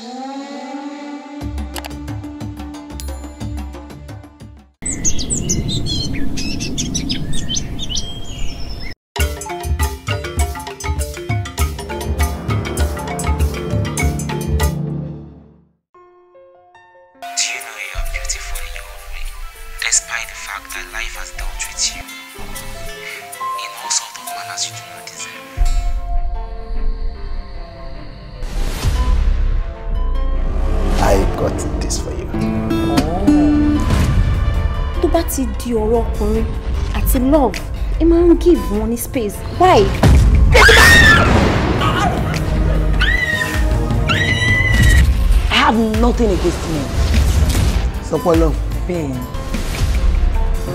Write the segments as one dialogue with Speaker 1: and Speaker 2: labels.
Speaker 1: Mm-hmm. àti ọ̀rọ̀ ọkùnrin àti love ẹ máa ń give wọn ní space why.
Speaker 2: I have nothing against men. Sọpọlọ. Bẹ́ẹ̀ni.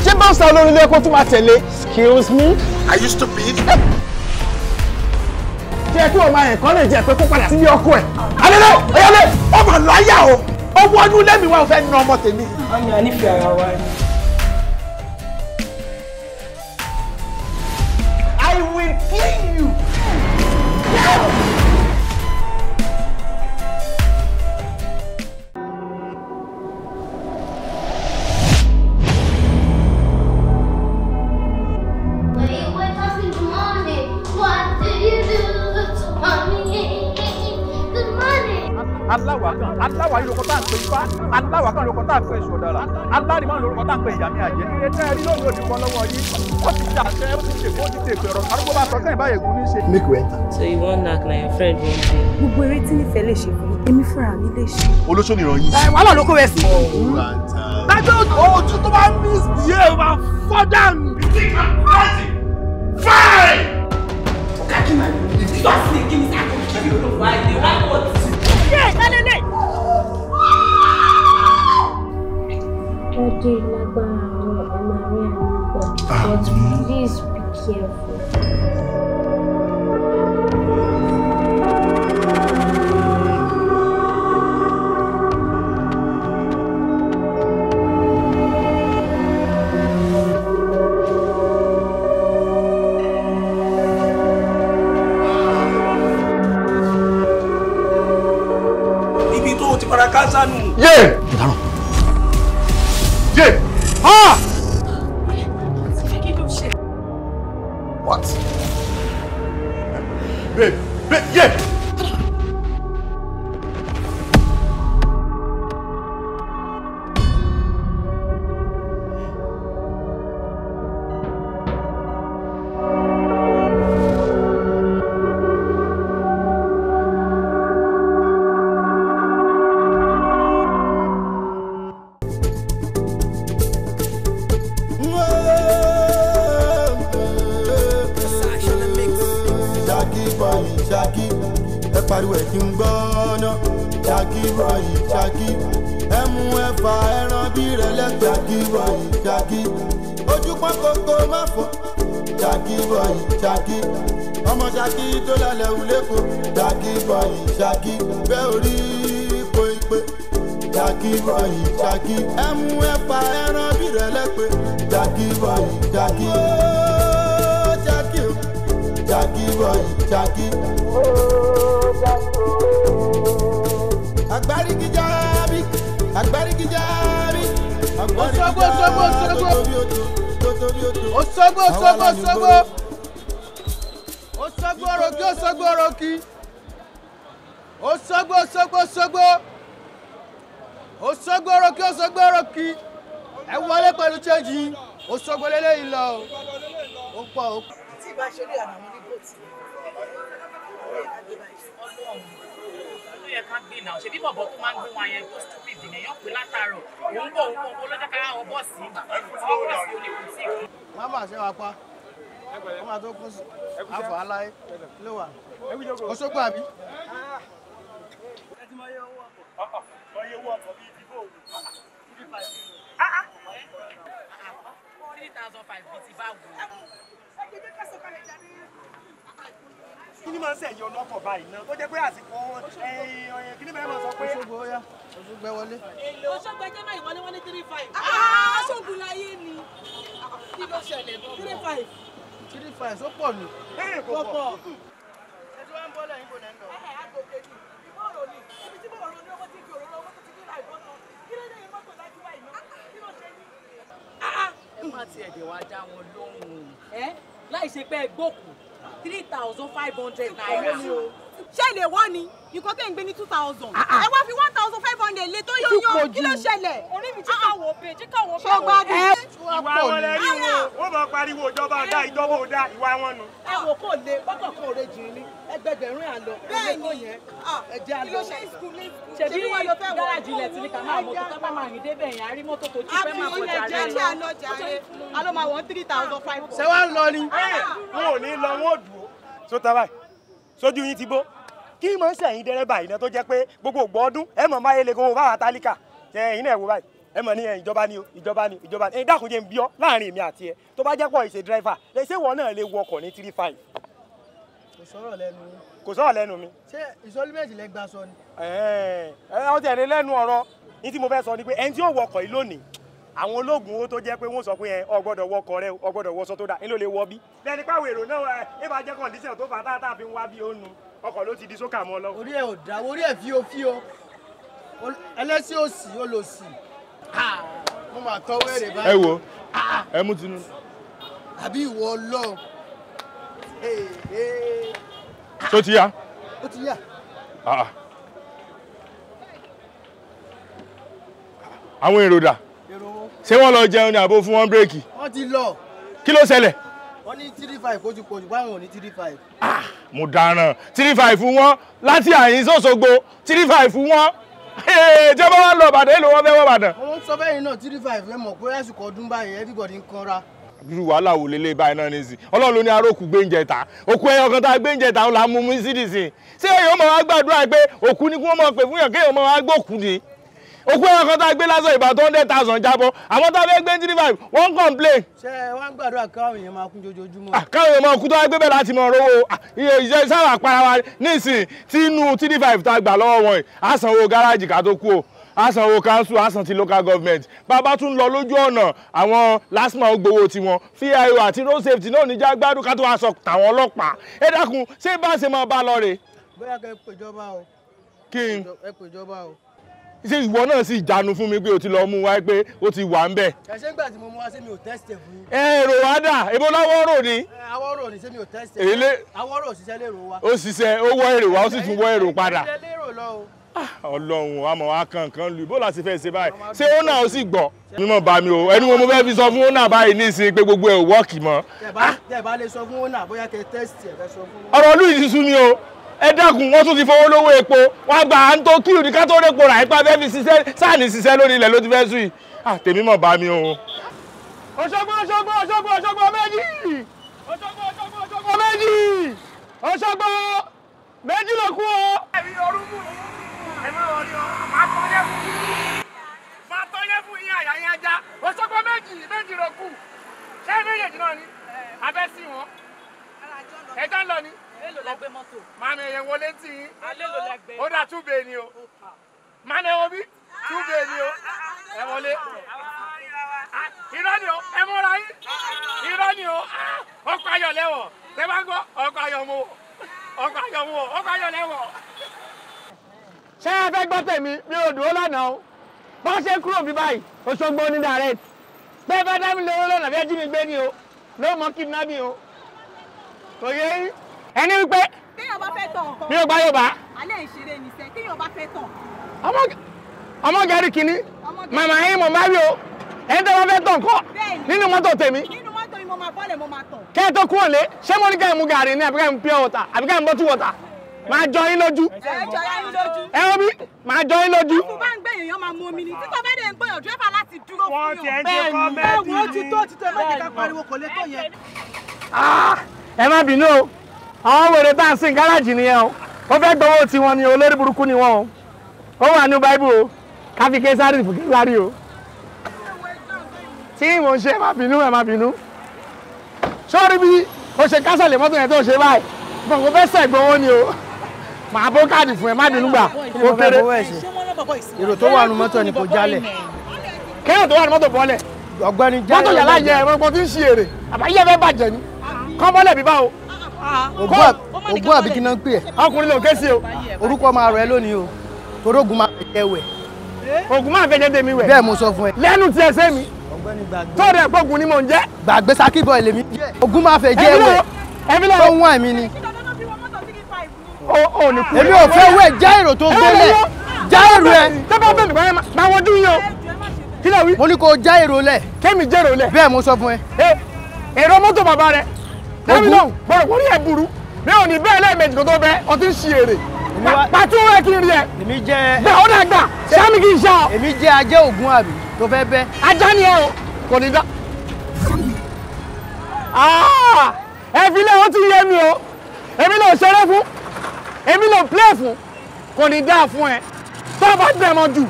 Speaker 1: Ṣé bá ń sa olórin lẹ́kọ́ tó máa tẹ̀lé? Excuse me. Are you stupid? Jẹ́ kí o máa ẹ̀kọ́ lè jẹ́ pé kó padà sílé ọkọ ẹ̀.
Speaker 3: Adélé, Oyálé,
Speaker 1: ọmọ lọ ayá o. Owó ọdún lẹ́mìí wa ò fẹ́ na ọmọ tèmi. Ọ̀nà nífẹ̀ẹ́ ara wa ni. make way. so you won't knack na your friend wan dey. gbogbo eré tí nífẹ̀ẹ́ lè ṣe fún mi èmi fúnra mi lè ṣe. olóṣó ni ìrànyìn. ẹ wàhálà ló kó rẹ sí. dájọ́ ojú tó bá misbehave máa fọ́ Fine! Okay, my, if you are sneaking, I will kill you. Why?
Speaker 4: careful.
Speaker 1: babe, babe, yeah. àfàlà ló àbí. kí ni máa ń sẹ̀yìn ọlọ́kọ̀ báyìí náà tó jẹ́ pé àsìkò kí ni bẹ́ẹ̀ máa sọ pé. Òṣogbo ya Òṣogbo wọlé.
Speaker 2: Òṣogbo ẹjẹ́ báyìí wọlé wọlé three five. Òṣogbo ah, láyé ni ah, kí ló ṣẹlẹ̀ three five
Speaker 1: three five ó pọ̀ ní. kò pọ̀.
Speaker 2: ẹtí wọn ń bọ́lẹ̀ yín kò náà ń lọ. ẹ àgò kejì ìbọ̀rò ni ibi tí
Speaker 1: bọ̀rọ̀ ni owó ti fi òróró owó tó ti fi ra ìbọn kí ló dé mọ́tò dájú wa ìná kí ló ṣe yín. Ah,
Speaker 2: ah. ẹ má tiẹ̀ dé wá dá wọn lóhùn. ẹ láì ṣe pé gbòkù three thousand five hundred naira ṣẹlẹ̀ wọ́n ni nǹkan tẹ̀ ń gbé ní two thousand ah, ah. ẹ wá fi one thousand five hundred lé tó yóyó kí ló ṣẹlẹ̀. orí mi jíkà wò pé jíkà wò pé wò pé. ìwà wọn lè rí wo
Speaker 1: wọn bá pariwo ìjọba ọdá ìjọba ọdá ìwà wọn nu. ẹ wò kó lè bọ́kọ̀ kó rè jìn ní ẹgbẹgbẹ̀rún àlọ́ ẹgbẹ́ yẹn ẹ̀jẹ̀ àlọ́. ṣèbí gáràjì ilẹ̀ tí ní ká máa mọ́tò ká máa rìn débẹ̀ yẹn àrí mọ́tò tó jí fẹ́ ah, máa bọ̀ jàre. àbí ó yẹ jẹ́ àlọ́ jàre sójú yín ti bó kí mọ̀ ń sẹ̀yìn dẹ́rẹ́bà iná tó jẹ́ pé gbogbo ògbọ́ ọdún ẹ mọ̀ máa yẹlẹ gbogbo báwa tálíkà ẹ̀yin náà wò báyìí ẹ mọ̀ ní ìjọba ni o ìjọba ni ìjọba ni ẹ dákun jẹ́ ń bí ọ láàrin èmi àti ẹ tó bá jẹ́ pọ̀ ìṣe dírẹ́fà lè ṣé wọ́n náà lè wọkọ̀ ní three five. kò sọ̀rọ̀ lẹ́nu mi. kò sọ̀rọ̀ lẹ́nu mi. ṣé ìsọlímẹ̀tì lẹ gbà sọ ni. ẹ ẹ ọtí ẹ̀ lẹ́nu ọ̀rọ̀ ní tí mo fẹ́ sọ ni pé ẹni tí àwọn ológun owó tó jẹ́ pé wọ́n sọ pé ẹ ọgbọ́dọ̀ wọ ọkọ̀ rẹ ọgbọ́dọ̀ wọ sọ tó dáa ẹ ló lè wọ bí. lẹ́ni pàwọn èrò náà ẹ bá jẹ́ kọ̀ǹdíṣẹ̀ tó fà táàtà fi wá bí ó nu ọkọ̀ ló ti di sókà mọ́ lọ. orí ẹ ò dá orí ẹ fío fío ẹlẹ́sìn òsì olòsì mo máa tọ́ wẹ́rẹ̀ báyìí. ẹ wo ẹ mú tinú. àbí ìwọ ọlọ́run. tó ti yá. ó ti yá. Ah, ah. àwọn èrò dà ṣé wọ́n lọ jẹun ní àbò fún wọn bírèkì. wọ́n ti lọ. kí ló ṣẹlẹ̀. wọ́n ní three five kó ti pọ̀ jù báwọn ò ní three five. ah mo dáràn three five wọn láti àyín sọ́sọ́gbó three five wọn jẹ́bọ́ wọn lọ bàdàn èlò wọn fẹ́ wọ́n bàdàn. wọ́n sọ bẹ́ẹ̀ náà three five ẹ mọ̀ pé àsìkò ọdún báyìí everybody ń kanra irú wàhálà wò lélẹ̀ báyìí náà nìsín ọlọ́run ló ní aróòkú gbéǹjẹ ta òkú ẹyọ kan tá a gbéǹjẹ ta òun là ń mú mú sídìsìn ṣé èèyàn máa wá gbàdúrà pé òkú ni kí wọ́n máa pè fún yàn kéèyàn máa wá gbókùn ni òkú ẹ̀rọ kan tá a gbé lásán ìbá tó hundred thousand jábọ̀ àwọn tá a fẹ́ gbé three five wọ́n complain. ṣé ẹ gbàdúrà káwọn èèyàn máa kú jojoojúmọ́. Ah, káwọn èèyàn máa kú tó wá gbé bẹ́ẹ̀ láti mọ rówó ah, iye iṣẹ́ sábà para wa nísìn tí inú three five tá a gbà lọ́wọ́ wọn yìí á sanwó gáràjì ká tó kú o á sanwó council á san ti local government bàbá tún lọ lójú ọ̀nà àwọn lasma gbowó tiwọn fio àti road safety náà níjà gbádùn ká tó wá tàwọn ọlọ́pàá ẹ dákun ṣé bá ṣe máa bá lọ rè. bóyá kẹ́ ẹ pèjọba o. kí n ẹ pèjọba o ṣé ìwọ náà sì jánu fún mi pé o ti lọ mú wá pé o ti wà ń bẹ̀. ẹṣẹ ń gbà tí mo mú wá sí mi ò tẹ́sítẹ̀ fún yín. ẹ èrò wa dà èbó láwọ́ rò ni. àwọ̀ rò ni sí mi ò tẹ́sítẹ̀. èlé àwọ̀ rò òṣìṣẹ́ lérò wa. ó ṣiṣẹ́ ó wọ èrò wa ó sì tún wọ èrò padà. Ah, ọlọ́run àmọ́ wa kan kan lu bó la ti fẹ́ ṣe báyìí ṣé ó náà ó sì gbọ́. mímọ bá mi o ẹnu mo fẹ́ fi sọ fún ọ̀nà báyìí ní ìsìn pé gbogbo ẹ̀ wọ́ọ̀kì mọ́. tẹ̀ ah! bá lè sọ fún ọ̀nà bóyá kẹ ẹ dákun wọ́n tún ti fowó lówó epo wọ́n gba à ń tó kílù ní ká tó répo rà ipa fẹ́ fi ṣiṣẹ́ sáàní ṣiṣẹ́ lórí ilẹ̀ ló ti fẹ́ sùn yìí àtèmi mọ̀ bá mi o. Òṣogbo Òṣogbo Òṣogbo Òṣogbo méjì Òṣogbo méjì Òṣogbo méjì ló kú o. ẹ̀mí ọdún mú un ẹ̀mí ọdún máa tọ́ yẹ fún yín máa tọ́ yẹ fún yín àyà yín ajá Òṣogbo méjì méjì ló kù ṣé méjèèjì náà ni abẹ́ sí wọn ẹ̀jọ̀ ń lọ ni mami ẹ̀yẹ wọlé tì í ó dà túbẹ̀ ni o mami ẹ̀wọ̀n bí túbẹ̀ ni o ẹ wọlé irọ́ ni o ẹ múra yín irọ́ ni o ah, ọkọ̀ ayọ̀ lẹ́wọ̀ tẹ bá gbọ́ ọkọ̀ ayọ̀ mu ọkọ̀ ayọ̀ mu ọkọ̀ ayọ̀ lẹ́wọ̀. ṣé ẹ fẹ́ gbọ́ tèmi mi ò dúró lọ́nà o bó ṣe kúrò bí báyìí Òṣogbo ní direct pé bá dá mi lówó lọ́nà bí ẹ jí ni o ló mọ kidnapping o kò yẹ ẹni wípé.
Speaker 2: téèyàn bá fẹ́ tàn nǹkan. mi ò gbá Yorùbá. alẹ́ ìṣeré ni sẹ́ téèyàn bá fẹ́ tàn. ọmọ ọmọ gẹ̀rí kìíní màmá yín mọ̀ máa rí o
Speaker 1: ẹni tó bá fẹ́ tàn kọ́ nínú mọ́tò tèmi. nínú mọ́tò yìí mo máa bọ́lẹ̀ mo máa tàn. kẹ́ ẹ tó kúrò lé ṣé mo ní ká ẹ mú gàrí ní àbíká ẹ mú pure water àbíká ẹ mú bottle water máa jọ yín lójú. ẹ
Speaker 2: jọ yín lójú. ẹ wọ́n bí máa jọ yín lójú. tó bá ń gbé èèyàn máa mu omi ni títọ́ bẹ́ẹ̀ dẹ̀ ń gbọ́yàn dírẹ́fà láti dúró fún yàn. bẹ́ẹ̀ ni bẹ́ẹ̀ wọ́n ti tó ti tó ẹ má jẹ́ ká pariwo kò lè
Speaker 1: tó àwọn wèrè tá gáràjì nìyẹn o ó fẹ́ gbowó tiwọn ni olórí burúkú ni wọn o ó wà ní báíbù o káfí késárì fún késárì o tí mò ń ṣe má bínú ẹ̀ má bínú sórí bí o ṣe kásàlè mọ́tò yẹn tó ṣe báyìí bọ̀ kò fẹ́ sẹ̀ gbowó ni o màá bó káàdì fún ẹ má bínú gbà ó kéré
Speaker 4: èrò tó wà nù mọ́tò ni kò jálẹ̀
Speaker 1: kéèrò tó wà nù mọ́tò bọ́lẹ̀ ọ̀gbẹ́ni jálẹ̀ mọ́tò yàrá yẹ ẹ̀rọ kan tí ń ṣe èrè àbáyé fẹ́ bàjẹ́ ni kọ́ bọ́lẹ̀ bíbá o ògùn àbí kí náà ń pè ẹ́. ọkùnrin ló ké sí o. orúkọ máa rọ ẹ lónìí o torógun máa fẹ́ jẹ́ wẹ̀. ògùn máa fẹ́ jẹ́ tèmi wẹ̀. bẹ́ẹ̀ mo sọ fún ẹ. lẹ́nu tiẹ̀ sẹ́ mi. tó rẹ̀ gbógun ni mò ń jẹ́. gbàgbé sakibọ̀ lèmi jẹ́. ògùn máa fẹ́ jẹ́ wẹ̀. ẹbí lọ tó ń wá mi ni. èmi ò fẹ́ wẹ̀ já èrò tó gbélé já èrò ẹ. tó bá bẹ̀ mí bá wọ́n dún yín kí ló wí. mo ní kó já èrò lẹ̀. kémi jẹ́ lẹ̀. bẹ́ẹ̀ mo sọ fún ẹ. èrò mọ́tò bàbá rẹ̀ dámilọ́hùn bọ̀rọ̀ kò rí ẹ̀ burú mi ò ní bẹ́ẹ̀ lẹ́ẹ̀mejì kò tó bẹ́ẹ̀ ọtí ń ṣe èrè pàtó rẹ kí n rí ẹ. èmi jẹ. gbà ó dàgbà sami kì í ṣá ọ. èmi jẹ ajé ògún àbí tó fẹ́ bẹ́. ajá ni ẹ o kò ní dá. Ah! ẹ fi lé o ti yé mi o èmi lò ṣeré fún èmi lò play fún kò ní dá fún ẹ tó o bá dẹ̀mọ̀ jù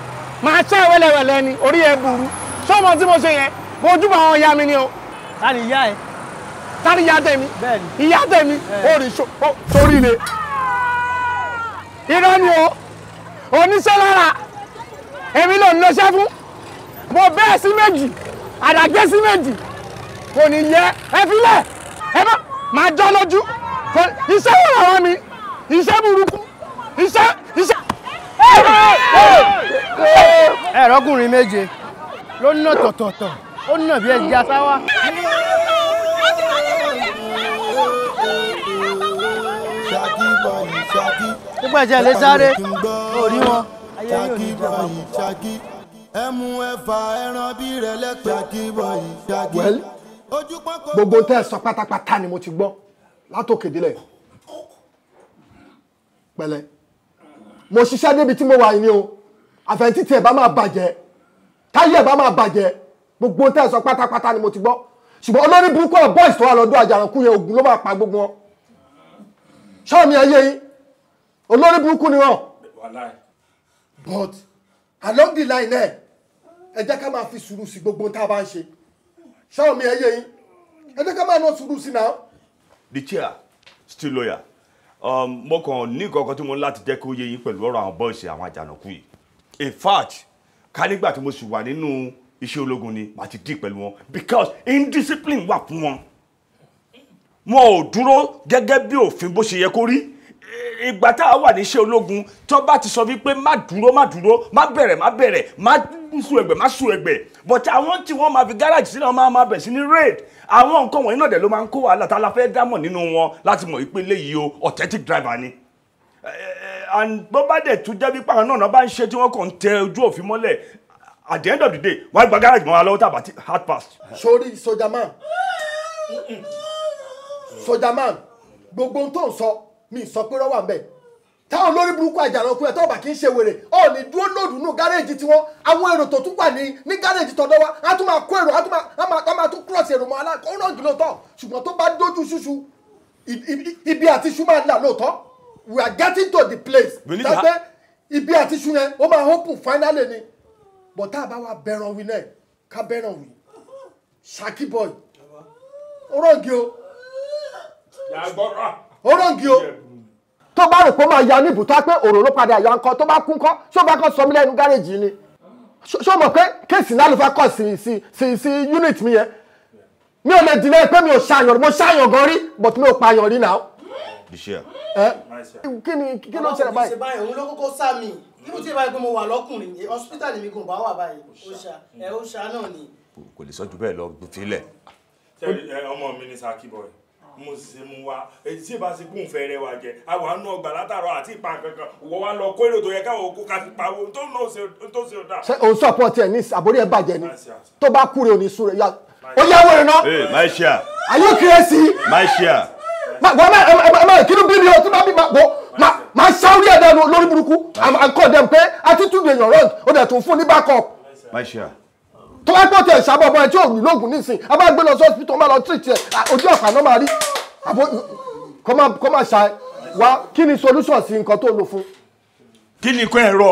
Speaker 1: máa ṣe wẹ́lẹ́wẹ́lẹ́ ni orí ẹ burú sọ́mọ tí mo ṣe yẹn mo júbà àwọn ìyá mi ni o. ta ni ìyá tani ìyá tèmi ìyá tèmi orí sórí le irọ́ ni o oníṣẹ́ lára èmi ló ń lọ́ṣẹ́ fún mo bẹ́ẹ̀ sí méjì àdàgbé sí méjì kò ní yẹ ẹ filẹ̀ ẹ bá máa jọ lójú iṣẹ́ wò làwọn mi iṣẹ́ burúkú iṣẹ́ iṣẹ́. ẹ̀rọ́kùnrin méje ló ń nà tọ̀tọ̀tọ̀ ó ń nà bí ẹja sáwá.
Speaker 3: nígbà tí lè sáré orí wọn ayé yóò ní ẹmu ẹfà ẹran bí rẹ lẹpẹ kíbọyì ṣáàkì. gbogbo tẹ́ ẹ sọ pátápátá ni mo ti gbọ́ látòkè pẹ̀lẹ́
Speaker 1: mo ṣiṣẹ́ débi tí mo wà ní o àfẹnitítì ẹ̀ bá máa bàjẹ́ táyé ẹ̀ bá máa bàjẹ́ gbogbo tẹ́ ẹ sọ pátápátá ni mo ti gbọ́ ṣùgbọ́n olórí burúkú ẹ̀ bọ́ìsì tó wà lọ́dún àjàrànkú yẹn ogun ló máa pa gbogbo wọn ṣọ́ọ̀mì ẹ̀ yé olórí burúkú ni wọn but along the line ẹ ẹ jẹ́ ká máa fi sùúrù sí gbogbo tá a bá ń ṣe ṣáwọn mi ẹ yé yín ẹ jẹ́ ká máa ná sùúrù sí náà. the chair still lawyer um, mo kàn ní nǹkan kan tí mo ní láti jẹ́ kó yé yín pẹ̀lú ọ̀rọ̀ àwọn bọ́ọ̀sì àwọn àjànàkú yìí in fact ká nígbà tí mo sì wà nínú iṣẹ́ ológun ni màá ti dì pẹ̀lú wọn because indiscipline wà fún wọn wọn ò dúró gẹ́gẹ́ bí òfin bó ṣe yẹ kó rí ìgbà tá a wà níṣẹ́ ológun tó bá ti sọ wípé má dúró má dúró má bẹ̀rẹ̀ má bẹ̀rẹ̀ má sùn ẹ̀gbẹ́ má sùn ẹ̀gbẹ́ but àwọn tí wọ́n máa fi gáràjì sílẹ̀ wọ́n máa máa bẹ̀ sí ní raid àwọn nǹkan wọ̀nyí náà dẹ̀ ló máa ń kó wàhálà tá a la fẹ́ dámọ̀ nínú wọn láti mọ̀ wípé léyìí o authentic driver ni and bó bá dẹ̀ tún jẹ́ wípé àwọn náà náà bá ń ṣe tí wọ́n kàn ń tẹ ojú òfin mọ́lẹ̀ at the end of the day wọ́n á gba gáràjì mọ́ wa lọ́wọ́ hard pass. sori sojaman sojaman gbogbo ohun tó ń sọ mi sọ pé rọ́wà ń bẹ̀ táwọn olórí burúkú àjàrànkú ẹ̀ tó bá kì ṣe wèrè ó ní dúró lòdù nù gáréèjì tiwọn àwọn èrò tó tún wà ní ní gáréèjì tọ̀dọ̀ wa á tún máa kó èrò á máa tún cross èrò mọ́ aláǹkó ó náà jùlọ tọ̀ tó bá dójú ṣuṣu ibi àti ṣu máa là lóòótọ́ we are getting to the place. tàbí ibi àti ṣu yẹn ó máa open finally ni but tá a bá wa bẹ̀ràn wí náà ká bẹ̀ràn wí Saki boy ó rọ̀ǹgì o ó rọ̀ǹgì o tó bá rò pé ó máa ya níbùtọ́ pé òróró padà ya nǹkan tó bá kún kọ́ ṣó bá kọ́ sọmí lẹ́nu gáréèjì ni ṣó mọ̀ pé kéèsì náà ló fẹ́ kọ̀ sí sí sí sí unit mi yẹn mi ò lè dìlẹ́ pé mi ò ṣàyàn mo ṣàyàn gan rí but mi ò pààyàn rí náà. kí ni kí ló ń ṣẹlẹ̀ báyìí. òun ló kókó sá mi níbo tí ìbáyìí pé mo wà lọ́kùnrin hospital mi gùn bá wà báyìí ó ṣá náà ni.
Speaker 4: kò lè sọ ju bẹ́ẹ̀ lọ filẹ̀.
Speaker 1: Eh, ọmọ mi ni saki boy mo sì mú wa tí ìbá sí kún fẹ́rẹ́ wa jẹ àwọn àánú ọgbà látàrọ àti ìpa kankan wọ́n wá lọ kó èrò tó yẹ káwọn okó ká fi pa owó tó ń ṣe ọ̀dà. ṣé òun sọpọ́ọ̀tì ẹ̀ ní àbórí ẹ̀ bàjẹ́ ni tó bá kúrè òní súre yá ó yá wẹ̀rẹ̀ náà. ee máa ṣe à. ayé kírẹ́sì. máa ṣe à. wọ́n máa ẹ ẹ máa kí ló bí mi o tí wọ́n bí ma máa ṣáwúrí ẹ̀ lórí burúkú àkọ́ọ̀dẹ̀ dẹ̀ tún fún ní backup. máa tó bá pọ̀ tẹ̀ ṣàbọ̀bọ̀ ẹ̀ tí ò ní lóògùn nísìn a bá gbé lọ sí hospital máa lọ treat ẹ̀ ojú ọ̀pá náà máa rí kó máa ṣá wa kí ni solution sí nǹkan tó lò fún. kí ni kó ẹ̀rọ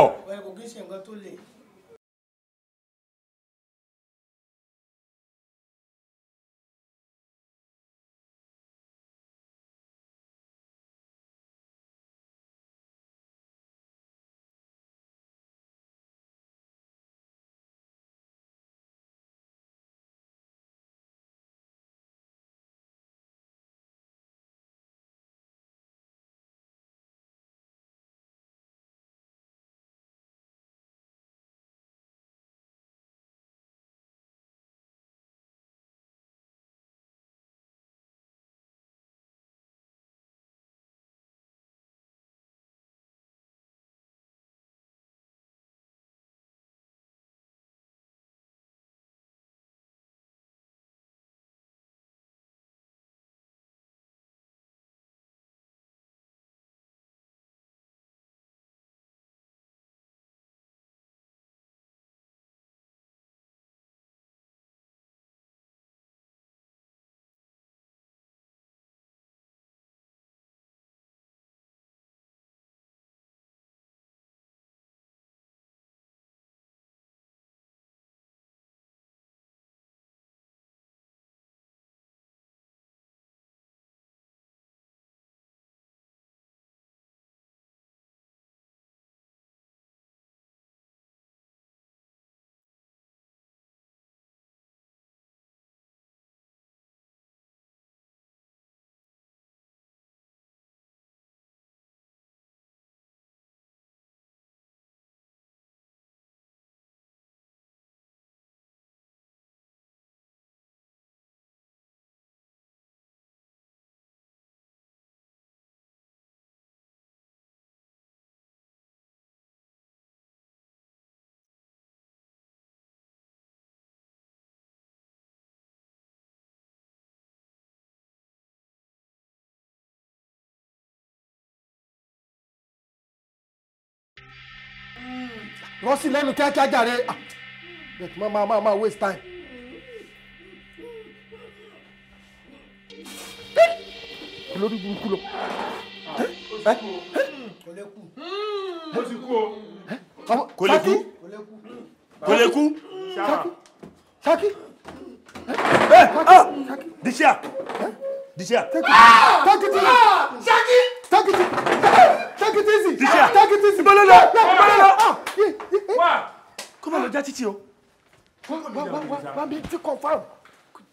Speaker 1: rọ́ọ̀sì lẹ́nu kíákíá jàre bẹ́ẹ̀ ah, máa máa máa máa waste time. olórí burúkú lọ. kò lè kú. o. kò lè kú. kò lè kú. Saki. Saki. Dishia. Dishia. Saki. Saki. Saki. Saki take it easy take it easy. ìbọn lọ ìbọn lọ. kọ́mọ lọ já títí o. wá bí tí kò fáwọn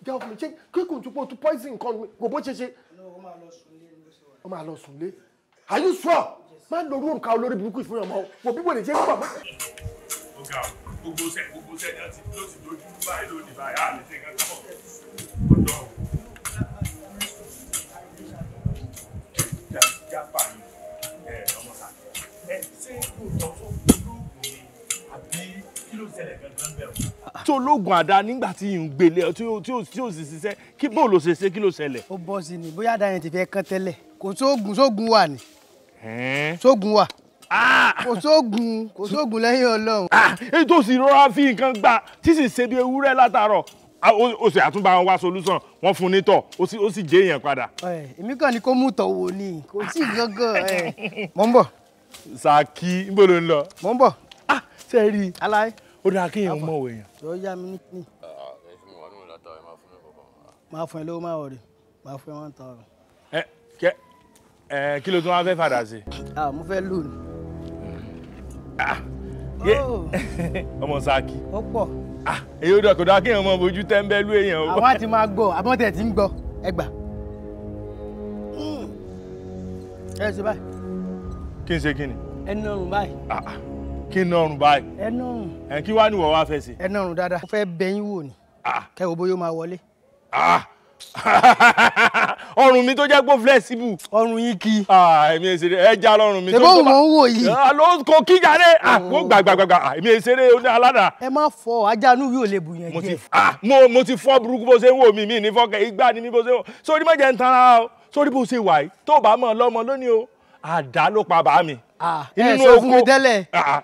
Speaker 1: jẹ́ ọkùnrin ṣé kíkùn tó pọ̀ tó poison kan kò bó ṣe ṣe.
Speaker 2: ó
Speaker 1: máa lọ sùn lé. are you sure? má lo orú òǹkà olórí burúkú ìfúnyàn mọ́ wò bí wòlé ṣe ń pọ̀ mọ́. ọ̀gá gbogbo sẹ́ gbogbo sẹ́ ni a ti ló ti dojú báyìí lónìí báyìí á lè ṣe nǹkan tó ọ̀dọ́. jápa yìí. tó lóògùn àdá nígbà tí n gbélé tí ó tí ó sì ṣiṣẹ́ kí bó ló ṣe ṣe kí ló ṣẹlẹ̀. ó bọ́ sí ni bóyá àdáyẹn ti fẹ́ kán tẹ́lẹ̀ kò sóògùn sóògùn wà ni sóògùn wà ah! kò sóògùn kò sóògùn lẹ́yìn ọlọ́run. Ah! èyí tó sì rọra fi nǹkan gbà tí sì ṣe bí ewúrẹ́ látàárọ̀ ah! ó sì àtúnbà wọn wá solution wọn fún un nítọ ó sì jẹ èèyàn padà. èmi kàn ní kó mú tọ̀ wò ni
Speaker 2: kò sí gángan
Speaker 1: mò ń bọ̀. Saki níbo ló ń lọ. mò ń bọ̀. ṣe é rí i. aláì ó dáa kí èèyàn mọ̀ wò èèyàn.
Speaker 2: tó yá mi ní kíni. Ah, ah,
Speaker 1: máa fún ẹ lówó máa wọ̀rẹ̀ máa fún ẹ one thousand. ẹ kẹ ẹ kí ló tún wá fẹ́ fàdà sí. mo fẹ́ lù ní. Ah, oh. ọmọ Saki. ó pọ̀. èyí ó dọ̀ kò dáa kí èèyàn mọ bójú tẹ́ńbẹ́lú èèyàn o. àwa ti máa gbọ́ àmọ́ tẹ̀ ti ń gbọ́ ẹ gbà. Hmm. ẹ ṣe báyìí. kí n ṣe kí ni. ẹnu ọrùn báyìí kí n nọrùn báyìí. ẹ nọrùn. ẹ kí wàá nìwọ wá fẹ́ sí. ẹ nọrùn dáadáa. mo fẹ́ bẹyìn wò ni. kẹ wo bóyá ó máa wọlé. ọrùn mi tó jẹ́ pé flexible. ọrùn yín kì í. èmi ẹ ṣeré ẹ já lọ́rùn mi. ṣebó mò ń wò yìí. ló kò kí jáde kó gbàgbàgbà èmi ẹ ṣeré oní aládà. ẹ má fọ ajá inú yóò lè bù yẹn jẹ. mo ti fọ burúkú bó ṣe ń wò mí mi ní fọkẹ igbá ni mi bó ṣe ń wò sórí mọ̀jẹ̀ ń tan ara o sórí bó ṣe wà yìí tó bá mọ̀ lọ́mọ lónìí o àdá ló pa bàá mi.
Speaker 4: Ah, ah, inú oko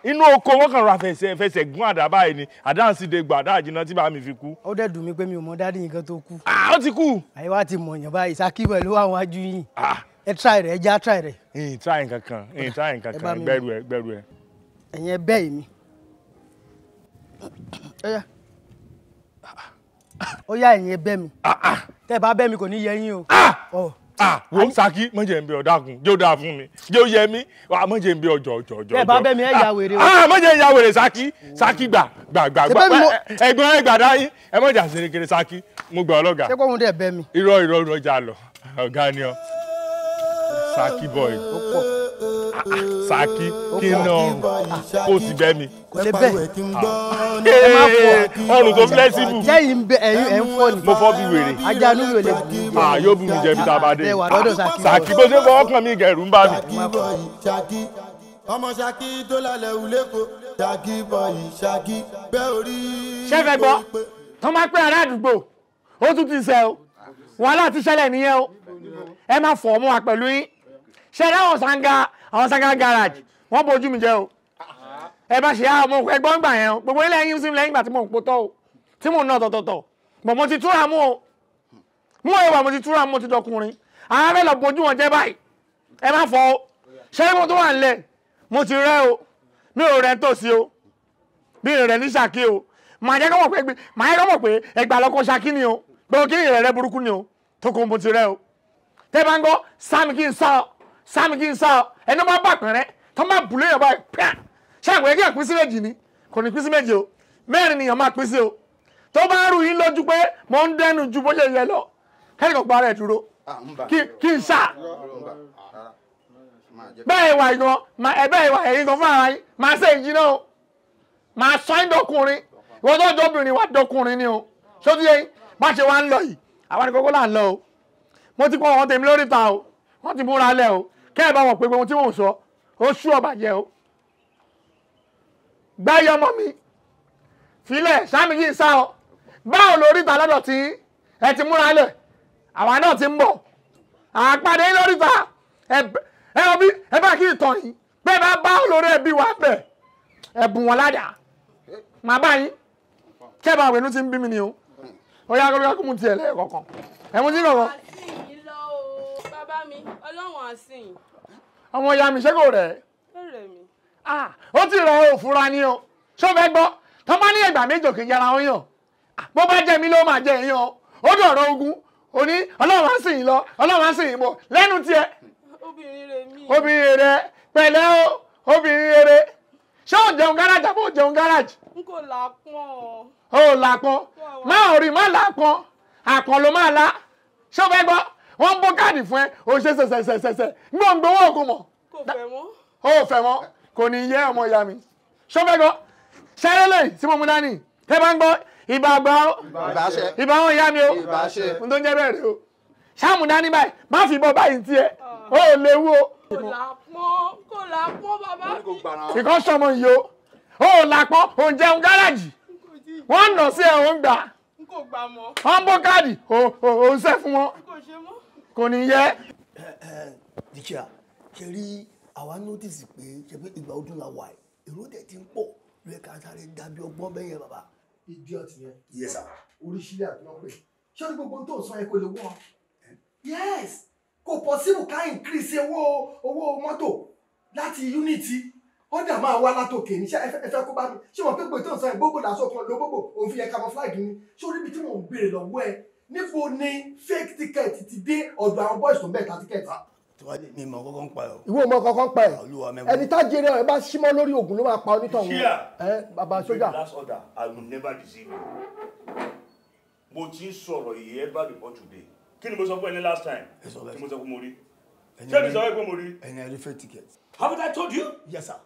Speaker 1: inú oko wọn kàn ra fẹsẹ̀ fẹsẹ̀ gún àdá báyìí ni àdá ń sì de gbà àdá àjìnà tí bàá mi fi kú. ó dẹ̀ dùn mí pé mi ò mọ dáàdi nǹkan tó kú. Ah, ó ti kú. àyíwá ti mọ̀yàn báyìí sakíbẹ̀ ló wà wájú yìí ah. ẹ try rẹ ẹ já try rẹ. ìyìn try nǹkan kan ìyìn try nǹkan kan gbẹrù ẹ gbẹrù ẹ. ẹ̀yin ẹ bẹ́ẹ̀ mi. ó yá ẹ̀yin ẹ mi. tẹ́ ẹ bá bẹ́ẹ̀ mi kò ní yẹ yín o ah wo saki mọ̀jẹ̀ ń bẹ ọ̀dàkùn jẹ́ ó dáa fún mi jẹ́ ó mi, mí wa mọ̀jẹ̀ ń bẹ ọjọ́ ọjọ́ ọjọ́. ẹ bá bẹ mi ẹ ah, ya wèrè o. ah mọ̀jẹ̀ ń ya wèrè saki saki gbà gbà gbà gbà ẹgbẹ́ ẹgbà dáyé ẹ mọ̀jà serekere saki mo gbà ọlọ́gà. ṣé kò ń dẹ̀ bẹ mi. irọ́ irọ́ irọ́ jà lọ ọ̀gá ni ọ saki boy. Saki kí n nà ah, kó sì bẹ́ mi. kò lè bẹ́ẹ̀ ẹ má fọ ọrùn tó flexible. jẹ́yìn bẹ ẹ̀yin ẹ̀ ń fọ ni. mo fọ́ bí wèrè. ajá inú lè bù. a yóò bù mí jẹbi tá a bá dé. Saki bó ṣe fọwọ́ kàn
Speaker 3: mí ìgẹ̀rù ń bá mi. ọmọ Saki tó lálẹ́ wulé ko Saki bọ̀yì Saki bẹ́ orí. sẹ́fẹ̀ gbọ́ tó máa pẹ́ ará àdúgbò ó tún ti sẹ́ o wàhálà ti ṣẹlẹ̀ nìyẹn o ẹ má fọ̀ ọmọ wa pẹ̀lú yín
Speaker 1: ṣẹlẹ àwọn sanga àwọn sanga garage wọn bójú mi jẹ o ẹ bá ṣe àwọn ah, ọmọ ẹgbọn gbà yẹn o gbogbo ilé ẹyin sí lẹ́yìn ìgbà tí mò ń potọ o tí mò ń ná tọ̀tọ̀tọ̀ bọ̀ mo ti túra mú o mú ẹwà mo ti túra mo ti dọkùnrin ààrẹ lọ bójú wọn jẹ báyìí ẹ má fọ o ṣẹlẹ mo tó wà nílẹ̀ mo ti rẹ o mi ò rẹ tòsí o mi ò rẹ ní ṣàkí o màá jẹ́ kọ́mọ̀ pé màá jẹ́ kọ́mọ̀ pé ẹgbàá lọ́kọ́ ṣakí ni o gbogbo kí ni ìrẹ̀rẹ̀ burúkú ni o tó kó mo ti rẹ o tẹ́ bá ń gbọ́ sámi kí n sá ọ sáàmì kí n sá ọ ẹni máa bá pẹ̀rẹ́ tó máa bù léyìn ọba pẹ́à ṣàgbé kí àpín méjì ni kò ní pín sí méje o mẹ́rin nìyàn máa pín sí o tó bá rù yín lójú pé mo ń dẹnu ju bó ṣe yẹ lọ kẹ́nìkan gba ara ẹ̀ dúró kí n sá bẹ́ẹ̀ ìwà ìgbọ̀n ẹ̀bẹ́ ìwà ẹ̀yìn gan fún ara yín máa ṣe ìjìnà o máa sọ ẹ́ dọkùnrin ìwọ́n tó dọ́bìnrin dọkùnrin ni o sódì yẹn bá ṣe wá ń lọ yìí àwọn àdìgbòkó là ń lọ o mo ti kọ́ ọ̀hún tèmi lórí ta o wọ́n ti múra lẹ̀ o kẹ́ ẹ̀ bá wọn pé ohun tí wọ́n sọ ó ọba jẹ́ o gbáyé ọmọ mi filẹ̀ sámi yìí sá ọ báwo lórí ìta lọ́dọ̀ tí ẹ ti múra lẹ̀ àwa náà ti ń bọ̀ àpàdé lórí ìta ẹ ọbí ẹ bá kí ìtàn yìí bẹ́ẹ̀ bá bá olórí ẹbí wa bẹ̀ ẹ bùn wọn ládàá màá bá yín kẹ́ ẹ bá wẹ̀nu ti ń bí mi ni o ó yá kó lóyún kó mu tiẹ̀ lẹ́yìn kọ̀ọ̀kan ẹ mú sí kọ̀ọ̀kan
Speaker 3: mi ọlọ́wọ̀n àsìn.
Speaker 1: ọmọ ìyá mi ṣé kò rẹ̀. ó rẹ̀ mi. ó ti rọ òfura ni o ṣó fẹ́ gbọ́ tó bá ní ìgbà méjì òkè yàrá wọn yàn bó bá jẹ́ mi ló máa jẹ èèyàn o ó dọ̀rọ̀ ogun ó ní ọlọ́run á sìn yín lọ ọlọ́run á sìn yín bọ̀ lẹ́nu tiẹ̀. obìnrin rẹ mi. pẹ̀lẹ́ o obìnrin rere ṣé ò jẹun gáràjì àbò jẹun gáràjì.
Speaker 3: n kò làápọn.
Speaker 1: o làápọn má ò rí má làápọn àpọn ló la ṣé o fẹ́ gbọ́ wọ́n ń bọ́ káàdì fún ẹ o ṣe ṣẹṣẹṣẹṣẹ gbọ́n gbowó òkú mọ̀. kò fẹ́ mọ́. ó fẹ́ mọ́ kò ní yẹ ọmọ ìyá mi ṣọ́fẹ́ gan ṣẹ́rẹ́ lè tí mo mú dání tẹ́ bá ń gbọ́ ìbá àgbà ìbá wọn ìyá mi o n tó ń jẹ́ bẹ́ẹ̀ rẹ o ṣáàmù dání báyìí má fi bọ́ báyìí tiẹ̀ ó léwu o. kò làpọ̀ kò làpọ̀ bàbá mi. ìkan sọmọ yìí o ó làpọ̀ òun jẹun gáràjì wọ́n ń nà sí ẹ̀ òun gbà. n kò gbà mọ́. wọ́n ń bó káàdì òun ṣẹ́ fún wọn. n kò ṣe mọ́ kò ní yẹ. dìkìá ṣe rí àwa notice pé ṣe pé ìgbà ọdún la wà èrò dẹ̀ ti ń pọ̀ rẹ̀ ká sáré dàbí ọgbọ́n bẹ́ẹ̀ yẹn bàbá. idiot yẹn. yes sir. oríṣiríṣi àtúnyọ̀pẹ̀ ṣé o ní gbogbo tó sọ yẹn lè wọ́n. yes kò possible ká increase owó owó mọ́tò láti unity ọ̀dà máa wá látòkè ní ṣe ẹ fẹ́ kó bá mi ṣé wọn pé pé tó ń sọ yẹn gbogbo làásọ̀ kan lọ gbogbo òun fi yẹ camouflage ni ṣé orí tí mò ń béèrè lọ́wọ́ ẹ níbo ni fake ticket ti dé ọ̀dọ̀ àwọn boys tó ń bẹ̀ ta ticket ah, tiwájú mi mọ kọkọ ń pa ẹ o. ìwọ mọ kọkọ ń pa ẹ. olúwa mẹ́wàá. ẹni tá jẹrẹ ẹ bá símọ lórí oògùn ló máa pa onítọ̀hún. ẹ bàbá sójà. last order i will never deceive you. mo ti ń sọ̀rọ̀ yìí ẹ bá before today. kí ni mo sọ fún ẹni last time. ẹ sọ bẹ́ẹ̀ tí mo sọ fún mo rí. ṣé mi sọ pé mo rí. ẹni ẹ fake ticket. haven't i told you. yes sir.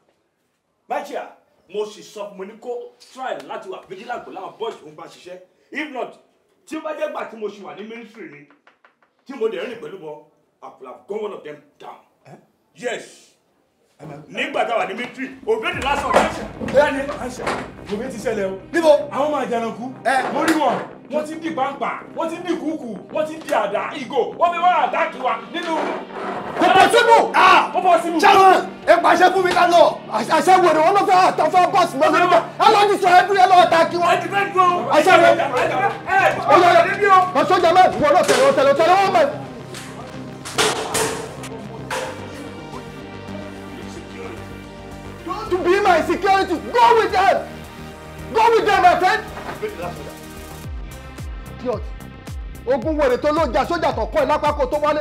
Speaker 1: my chair mo sì sọ mo ní kó try láti wà vigilant pẹ̀lú àwọn boys tó ń bá ṣiṣẹ́ if not tí ó bá jẹ́ gbà tí mo ṣì wà ní ministry ni tí mo dẹ̀ rìn pẹ̀lú wọn I could have gone one of them down. yes nígbà táwa ní mítírì òbẹ́ni lásán ránṣẹ́. bẹ́ẹ̀ ni ránṣẹ́ òbẹ́ ti ṣẹlẹ̀ o. níbo àwọn máa jẹranku. ẹ mo rí wọn wọ́n ti ń di pàǹpà wọ́n ti ń di kùkù wọ́n ti ń di àdá ìgò wọ́n fi wá àdá kí wa nínú bọ́ọ̀sì mi. ṣẹ́wọ̀n ẹ pàṣẹ fún mi ká lọ àṣẹ wèrè wọn ló fẹ́ àtọ́fẹ́ bọ́ọ̀sì mi lọ́sọ̀rọ̀ bá aláàjì sọ ẹ dúró ẹ lọ́wọ́ ta kí wọn. àṣẹ rẹ ọ̀ṣọ́ jẹ mẹ́ wọ́n lọ tẹ̀lé tẹ̀lé tẹ̀lé wọ́n mẹ́. to be my security go with them go with them my friend. idiot ogun wèrè tó ló jà sójà tó kọ́ ẹ̀ lápákó tó wálé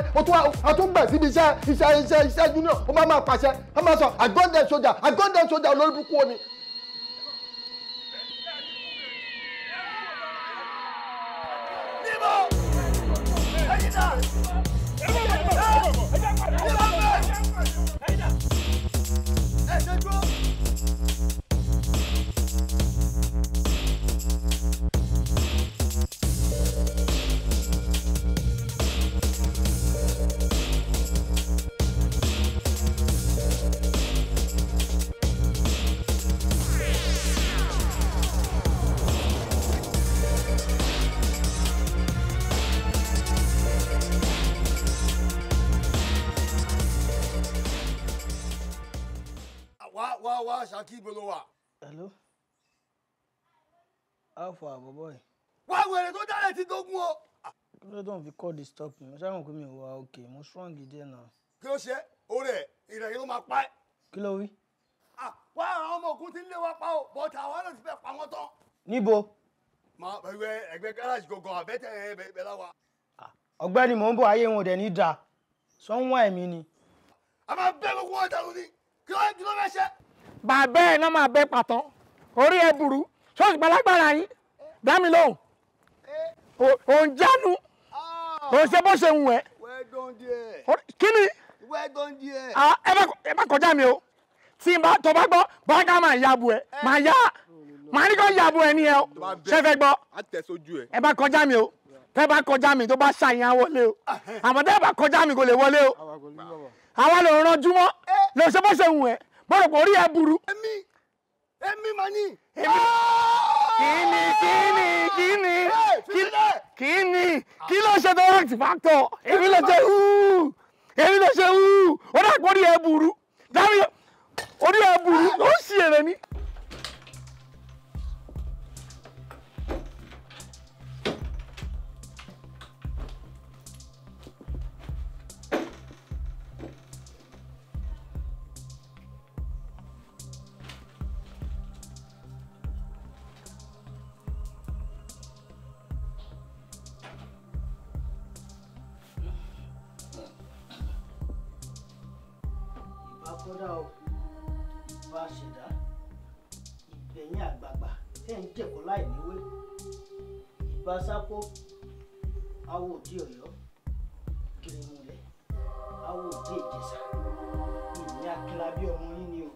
Speaker 1: a tún gbẹ̀ síbi iṣẹ́ iṣẹ́ iṣẹ́ junior ó máa máa pàṣẹ ó máa sọ àgọ́ndẹ̀ sójà àgọ́ndẹ̀ sójà olórí burúkú ni fọ àbọ̀bọ̀ yìí. wá wèrè tó dálẹ̀ ti dógún o. kí ló tó ń fi call disturb mi mo ṣàmùkú mi wà òkè mo strong díẹ̀ náà. kí ló ṣe orí ẹ ìrẹ̀yìn ló máa pa ẹ́. kí ló wí. wá àwọn ọmọ ògùn ti ń lé wa pa o bọ́tà àwọn náà ti fẹ́ pa wọ́n tán. níbo. mà ẹgbẹ́ ẹgbẹ́ gáràjì gangan àbẹ́tẹ̀ ẹ̀ẹ́dẹ̀ láwa. ọ̀gbẹ́ni mò ń bọ̀ ayé wọn ò dẹ̀ ní dáa sọ́nwọ́n ẹ̀mí ni. a máa bẹ́ gbogbo wọn dàrú ni kí ló ń kí ló fẹ́ ṣe. bàbá ẹ̀ náà máa bẹ́ pàtàn orí ẹ̀ burú ṣọ́ọ̀ṣì gbalagbára yín dámi lóhùn òun Janu, òun ṣe bó ṣe ń wẹ̀ kí ni ah, ẹ bá kọjá mi o tí n bá tó bá gbọ́ bọ́ńkà máa ya bu ẹ eh. máa ya máa ní kó ya bu ẹ ní ẹ o ṣe fẹ́ gbọ́ ẹ bá kọjá mi o tẹ́ bá kọjá mi tó bá ṣàyàn wọlé o àmọ́ tẹ́ bá kọjá mi kò lè wọlé o àwa lè ranjú mọ́ eh. lè ṣe bó ṣe ń wẹ̀ bọ́dọ̀ kò rí ẹ burú.
Speaker 4: èmi èmi mà
Speaker 1: kíni kíni kíni kíni kí ló ṣe direct factor èmi ló ṣe wúù èmi ló ṣe wúù ó dàgbò orí ẹ burú dábìyà orí ẹ burú ó sì èrè ní. kódà o bá a ṣẹ̀dá ìgbẹ̀yìn àgbààgbà tẹ́ ń jẹ̀kọ́ láì níwé ìbá sápó awo òde ọ̀yọ́ kìrìmùlẹ̀ awo òde ìjẹ̀ṣà ìní akílábí ọmọ yín ni o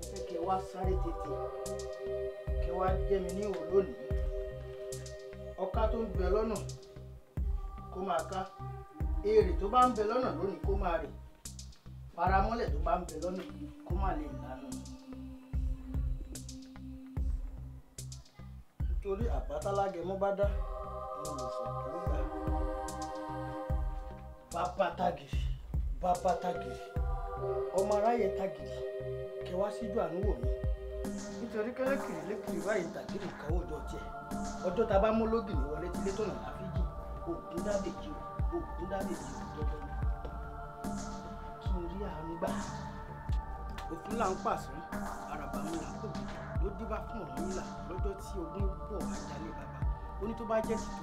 Speaker 1: ẹ fẹ́ kẹ́ wá sáré tètè kẹ́ wá jẹ́ mi ní òun lónìí ọká tó ń bẹ lọ́nà kó máa ká èrè tó bá ń bẹ lọ́nà lónìí kó máa rè faramọ́lẹ̀ tó bá ń bẹ lọ́nà yìí kó má lè lànà. nítorí àbátálágẹmọ bá dá mo lò sọ kí n gbà. bàbá tagìrì bàbá tagìrì ọmọ aráyé tagìrì kẹwàá síjú àánú wò mí nítorí kẹlẹkìrì lẹkìrì báyìí tàgìrì kan ó jọ tiẹ ọjọ́ tá a bá mú lógìnì wọlé tilé tọ̀nà láfíjì ògùn dábèjì ògùn dábèjì òjọjọ gbá òfin là ń pàṣẹ àràbà mi là ń pòbí ló débà fún ọ̀rọ̀ nílà lọ́jọ́ tí ogun pọ̀ àjálẹ̀ bàbá ó ní tó bá jẹ́ sí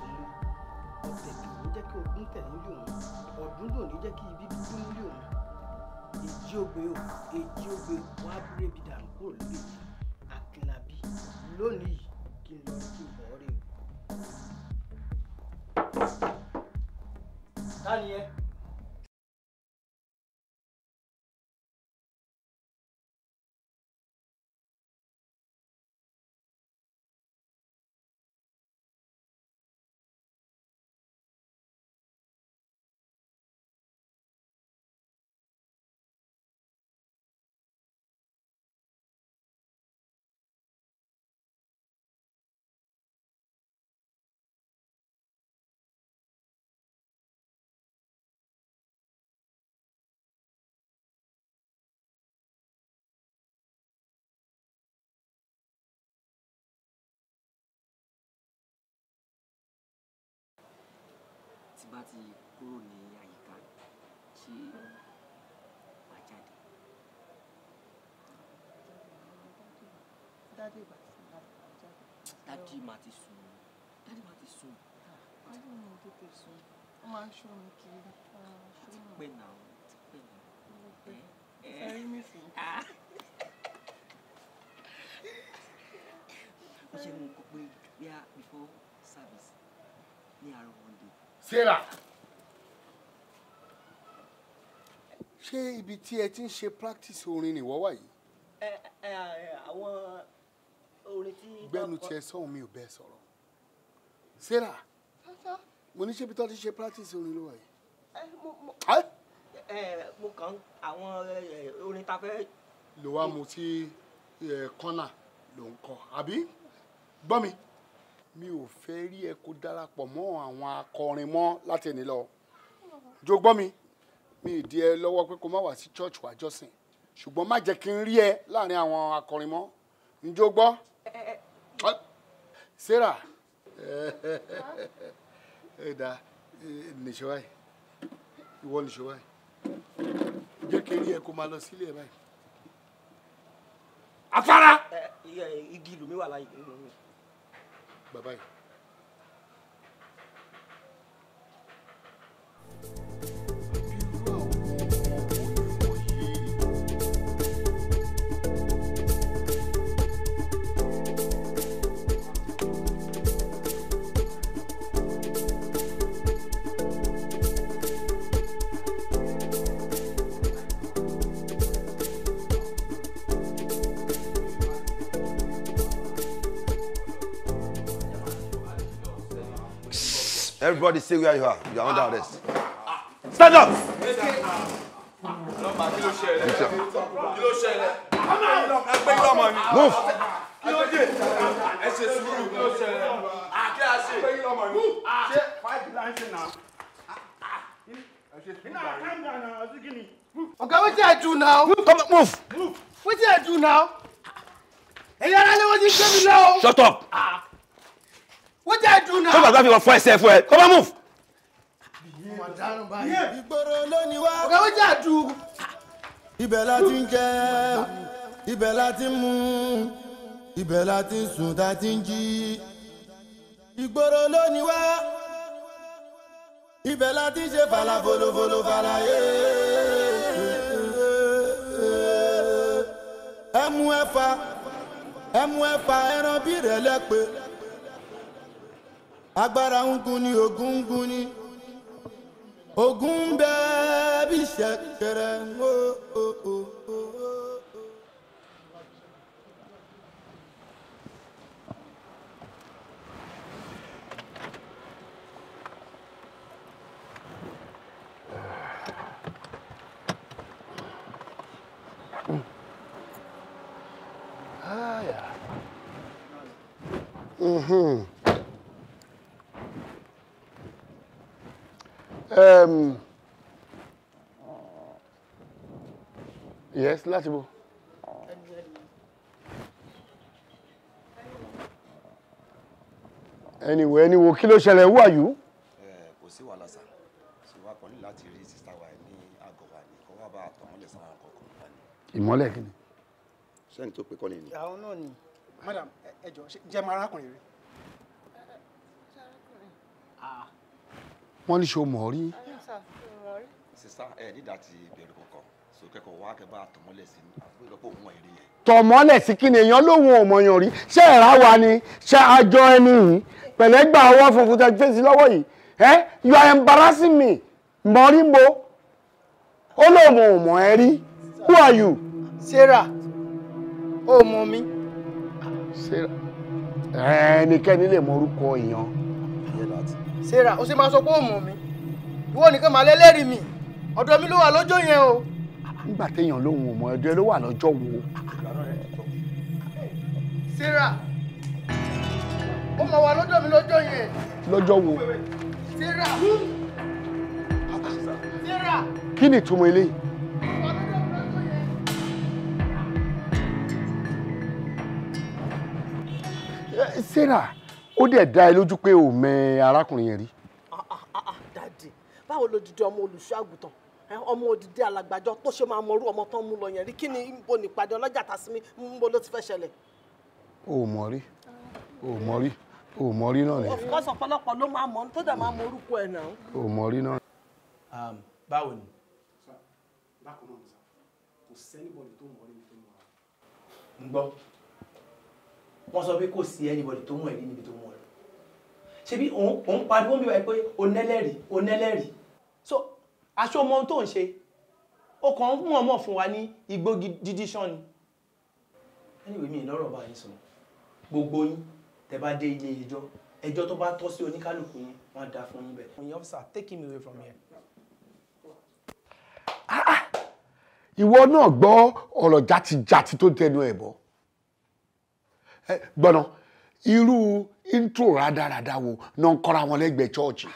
Speaker 1: tòun ọ̀tẹ̀ kì jẹ́ kí ogun tẹ̀ nílé òun ọ̀dún dò ní jẹ́ kí ibi dúdú nílé òun èjì ògbé o èjì ògbé wá búrẹ́ bí dànù kúrò lórí àkìlàbí lónìí kí n lọ kí n bọ̀ ọ́ rè o. ta ni ẹ.
Speaker 4: bá ti kúrò ní àyíká tí wàá
Speaker 1: jáde.
Speaker 2: dádì ìgbà tí mo bá jáde. dádì máa ti sùn dádì máa ti sùn. dádì mi ò tètè sùn ó máa ń ṣó mi kiri. Ah, ti pẹ́
Speaker 1: náà ti pẹ́
Speaker 2: náà. ẹ rí mi sùn. Ah.
Speaker 1: ó ṣe mú kó pé bíi before service ní àárọ̀ monday. Sarah ṣé ibi tí ẹ ti ń ṣe practice orin nìwọ wà yìí.
Speaker 2: ẹ ẹ àwọn orin tí. gbẹnu tiẹ
Speaker 1: sọhùn mi ò bẹ sọ̀rọ̀ Sarah mo ní ṣe ibi tí wọn ti ṣe practice orin ló wà yìí.
Speaker 2: mo kàn àwọn orin ta fẹ́.
Speaker 1: ló wá mu sí kọ́nà ló ń kọ àbí gbọ́ mi mi ò fẹ́ rí ẹ kó darapọ̀ mọ́ àwọn akọrin mọ́ láti ẹni lọ jó mi mi ìdí ẹ lọ́wọ́ pé kó má wá sí church wa jọ́sìn ṣùgbọ́n má jẹ́ kí n rí ẹ láàrin àwọn akọrin mọ́ njó gbọ́ sarah ẹ dá nìṣó báyìí ìwọ nìṣó báyìí jẹ́ kí n rí ẹ kó máa lọ sílé ẹ báyìí afárá. igi ìlú mi wà láyé. bàbá yìí.
Speaker 3: Everybody stay where you are. You are under ah. arrest. Stand up!
Speaker 5: Move!
Speaker 1: Okay, what did I do now? Come on, move! Move! What did I do now? Shut up! Ah. What did I do now? Come back, grab your four step Come on, move.
Speaker 3: Ìgboro ló ní wá. Ọ̀gá Ibẹ̀ la ń jẹ, ibẹ̀ la ń mu, ibẹ̀ la ń sùn, ta ń jí. Ìgboro ló ní wá. Ibẹ̀ la ń ṣe fàlà folofolo fàlà yé. Ẹmu ẹ̀fà, ẹmu ẹ̀fà ẹran bí rẹ̀ lẹ́pẹ́ agbára ń ni ogun ń gun ni ogun ń bẹ bí ṣẹ̀kẹ̀rẹ̀ ń o o o. Mm-hmm.
Speaker 1: Um, yes, láti bo. Anyway, anyway, kí ló ṣẹlẹ̀, who are you?
Speaker 3: Kò sí wàhálà sá, ṣe wá ní láti rí sísá wa ní àgọ́ wa ní kó wá bá àtọ̀mọ́lẹ̀ sára ọkọ̀ kan. Ìmọ́lẹ̀ kí ni? Ṣẹ́ni tó pe kọ́lé ni. Àwọn náà
Speaker 1: ni, madam, ẹ jọ, jẹ́ mọ arákùnrin rẹ̀. Ah. Ṣé wọ́n ní sọ kẹ́kọ̀ọ́ tọ̀mọ́lẹ̀ sí kí ni èèyàn lóhun ọ̀mọ̀yàn rí ṣé ẹ̀rá wa ni ṣé àjọ ẹni yìí pẹ̀lẹ́gbà ọwọ́ funfun tẹ fèsì lọ́wọ́ yìí ẹ you are embarrassing me mọ̀rí mo ó lóhun ọ̀mọ̀ ẹ rí who are you. sarah ó mọ mi. sarah ẹnikẹ́ni lè mọ orúkọ èèyàn. Sera, ó sì máa sọ pé ó mọ̀ mi ìwọ nìkan máa lẹ́lẹ́rìí mi ọ̀dọ̀ mi ló wà lọ́jọ́ yẹn o. nígbà téèyàn lóhùn ọmọ ẹdọ ló wà lọ́jọ́ wo. sarah ó máa wà lọ́jọ́ mi lọ́jọ́ yẹn. lọ́jọ́ wo. Sera. sarah. kí ni ìtumọ̀ eléyìí. sarah ó dẹ̀ dá ẹ lójú pé ò mẹ arákùnrin yẹn rí. Ah, ah, ah, dàdí báwo ló dìde ọmọ olùṣọ́ àgùntàn ọmọ òdìdí alàgbàjọ tó ṣe máa mọrú ọmọ tán mú lọ yẹn rí kí ni ibo nípàdé ọlọ́jà tàsímí níbo ló ti fẹ́ ṣẹlẹ̀. o ò rí o ò rí o ò mọ̀ rí náà ni. ọ̀fọ̀sọ̀ ọ̀pọ̀lọpọ̀ ló máa mọ̀ tó dẹ̀ máa mọ orúkọ ẹ̀ náà. o ò mọ̀ rí náà. Um, báwo ni. bákan náà kò sẹ́nìbọ̀dì tó mọ̀ tó mọ̀ rí wọ́n sọ pé kò sí anybody tó mú ẹ̀rí níbi tó mú ọ lọ ṣebí òun pariwo bí wáyé pé onẹ́lẹ́rìí onẹ́lẹ́rìí so aṣọ ọmọ tó ń ṣe ó kàn ń mọ̀ mọ̀ fún wa ní igbó dídí ṣán ni. anyway mi lọ́rọ̀ bá yín sọ gbogbo yín tẹ bá dé ilé ẹjọ́ ẹjọ́ tó bá tọ́ sí oníkálukú yín wọ́n á dá fún yín bẹ́ẹ̀. oyin officer take me away from here. Ah, ah. ìwọ náà gbọ́ ọ̀rọ̀ játijàti tó tẹnu ẹ̀ bọ́ gbọ́nà irú intro rádaràda wo náà ń kọ́ra wọn lẹ́gbẹ̀ẹ́ chọ́ọ̀chì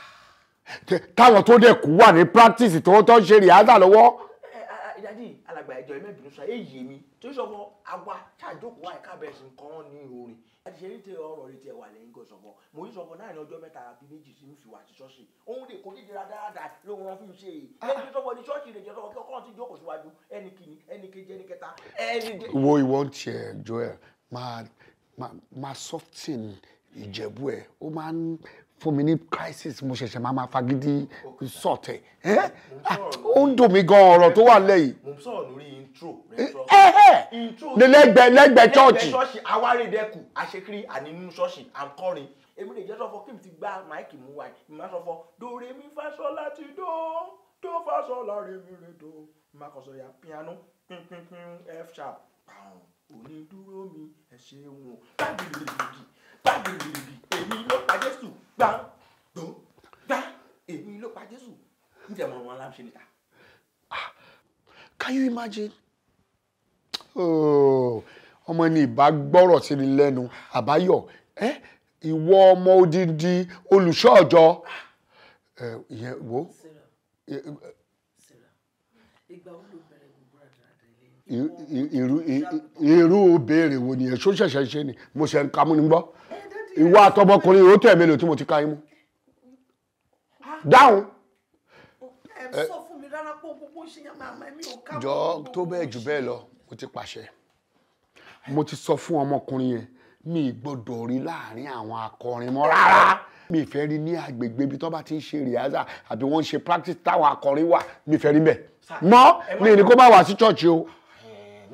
Speaker 1: táwọn tó dẹ̀ kú wà ní practice tó tó ń ṣe rìhásà lọ́wọ́. ìdájí alàgbà ẹjọ ẹ mẹbìnrin sọ èyí mi tó sọ fún àwa tàjókòó àìká bẹ̀rẹ̀ sí nǹkan ní orin láti ṣe ní tẹ ọ̀rọ̀ rẹ tiẹ̀ wà lẹ́yìn kò sọ̀bọ̀ mo yí sọ̀bọ̀ náà ní ọjọ́ mẹ́ta àbí méjì sí fi wà sí ṣọ́ọ̀ṣì òun lè kó dídira dáadáa ló ń rán fún ṣe èyí ah. ẹni tí sọ̀bọ̀ ní ṣọ́ọ̀ṣì rẹ̀ jẹ́ sọ̀bọ̀ kí ọkọ̀ ti jókòó síwájú ẹni kìíní ẹni kejì ẹni kẹta ẹni. wo ìwọ ń tiẹ̀ joel máa máa máa soften ìjẹ̀bú ẹ̀ ó máa ń fún mi ní crisis mo ṣẹ̀ṣẹ̀ máa ma fagídí sọ̀tẹ̀ ẹ́ ah, ó ń dùn mí gan ọ̀rọ̀ tó wà lẹ́yìn. mo sọ̀rọ̀ lórí intro ní lẹ́gbẹ̀ẹ́ lẹ́gbẹ̀ẹ́ chọ́ọ̀chì. lẹ́gbẹ̀ẹ́ awárídẹ́kù àṣekiri àninú ṣọ́ọ̀ṣì àǹkọ́rin èmi lè jẹ́ sọ́fọ́ kí n ti gba máìkì mú wa ẹ̀ má sọ́fọ́ dòrèmí fásọlá ti dó tó fásọlá rèmí rè dó má kọ̀ sọ̀yà piano pínpínpín f sharp onídúró mi ẹ ṣeun o pàgìrìgì pàgìrìgì èmi ló pa jésù gbá gbó gbá èmi ló pa jésù ń jẹ màmá aláṣẹ níta. can you imagine? Oh, ọmọ ni ìbá gbọ́rọ̀ sí ni lẹ́nu àbáyọ̀ ìwọ ọmọ odindi olùṣọ́ ọ̀jọ́ eh, ìyẹn wo irú béèrè wo nìyẹn ṣó ṣẹ̀ṣẹ̀ ṣe ni mo ṣe ń ka mú ni gbọ́ ìwọ àtọmọkùnrin yóò tẹ̀ mélòó tí mo ti ka yín mú dáhùn. ẹ sọ fún mi rárá pé gbogbo ṣe yàn máa mi ò ká. jọ tó bẹ́ẹ̀ jù bẹ́ẹ̀ lọ mo ti pàṣẹ mo ti sọ fún ọmọkùnrin yẹn mi gbọ́dọ̀ rí láàrin àwọn akọrin mọ́ rárá mi fẹ́ rí ní agbègbè ibi tó bá ti ń ṣe rìhásà àbí wọ́n ń ṣe practice táwọn akọrin wà mi fẹ́ rí bẹ́ẹ̀ mọ́ mi ní kó bá wà sí ṣọ́ọ̀ṣì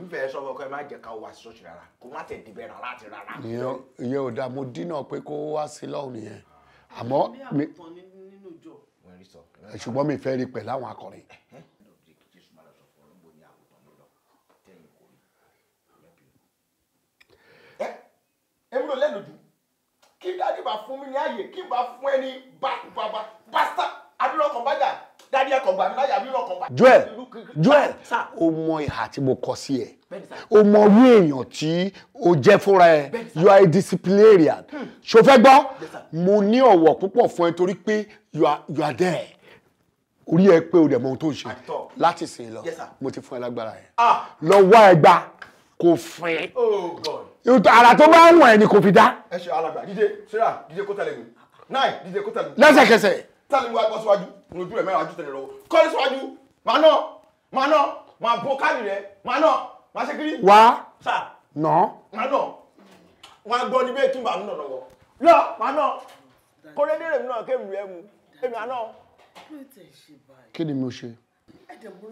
Speaker 1: nífẹ̀ẹ́ sọ ọkọ ẹ má jẹ́ ká wá sí ṣọ́ọ̀ṣì rárá kó má tẹ̀ dìbẹ̀ rárá àti rárá. ìyẹn ò dáa mo dínà pé kó wá sí lọ́hùn nìyẹn àmọ́ mi ṣùgbọ́n mi fẹ́ rí pẹ̀lú àwọn akọrin. ẹ ẹ múlò lẹ́nu jù kí dáàdì bá fún mi ní ààyè kí bá fún ẹni bá bàbá pásítà adúlọ́kọ̀ bájà joel joel ah, o mọ ìhà tí mo kọ sí ẹ o mọ orí èèyàn tí o jẹ fúnra ẹ you are a disciplinarian hmm. ṣo fẹ́ gbọ́ mo ní ọ̀wọ̀ púpọ̀ fún ẹ torí pé you are you are there orí ẹ pé o dẹ̀ mọ ohun tó ń ṣe láti sìn lọ mo ti fún ẹ lágbára yẹn ah. lọ wá ẹ gbà kò fún
Speaker 3: oh,
Speaker 1: ara tó bá ń wọ̀n ẹ ni kò fi dá.
Speaker 3: ẹ ṣe alàgbà díje sarah díje kó tẹ̀lé mi nine díje kó tẹ̀lé mi. lẹ́sẹ̀kẹsẹ̀. tẹ̀lé mi wá gbọ́ síwájú ojú rẹ̀ mẹ́wàá ju tẹ̀lé lọ kọ́lé síwájú máa nà
Speaker 1: máa nà máa bo káàdì rẹ̀ máa nà máa ṣe kiri. wá nà. máa nà wọn gbọ́ ní bẹ́ẹ̀ kí n nà lọ́wọ́ lọ máa nà kọ́lé dé rèmi náà kéèmù rẹ̀ mu èmi àná. kí ni mo ṣe. ẹ̀dẹ̀ mú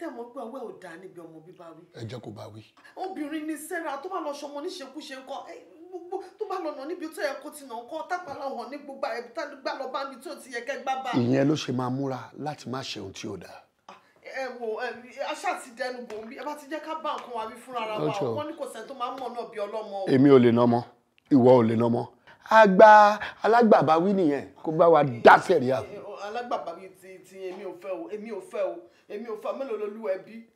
Speaker 1: tẹ́ mọ̀ pé ọwọ́ ẹ̀ ò dáa níbi ọmọ bíbá wí. ẹ jẹ́ kó bá wí. obìnrin ni Sarah tó bá lọ ṣọmọ níṣekúṣe ńkọ gbogbo tó bá lọ nà níbi tó yẹ kó ti nà ńkọ tápàlà hàn ní gbogbo tá gbà lọ bá mi tó ti yẹ kẹ́ gbá bá. ìyẹn ló ṣe máa múra láti má ṣe ohun tí ò dáa ẹ wo aṣá ti dẹnu bò ń bí ẹ bá ti jẹ́ ká bá nǹkan wa wí fúnra ra wa wọ́n ní kò sẹ́ni tó máa ń mọ̀ náà bí ọlọ́mọ. èmi ò lè ná ọmọ ìwọ ò lè ná ọmọ àgbà alágbàbáwí nìyẹn kó bá wa dá sẹ̀ríà. alágbàbáwí ti ti èmi ò fẹ́ o èmi ò fẹ́ o èmi ò fa mélòó lolúwa ẹbí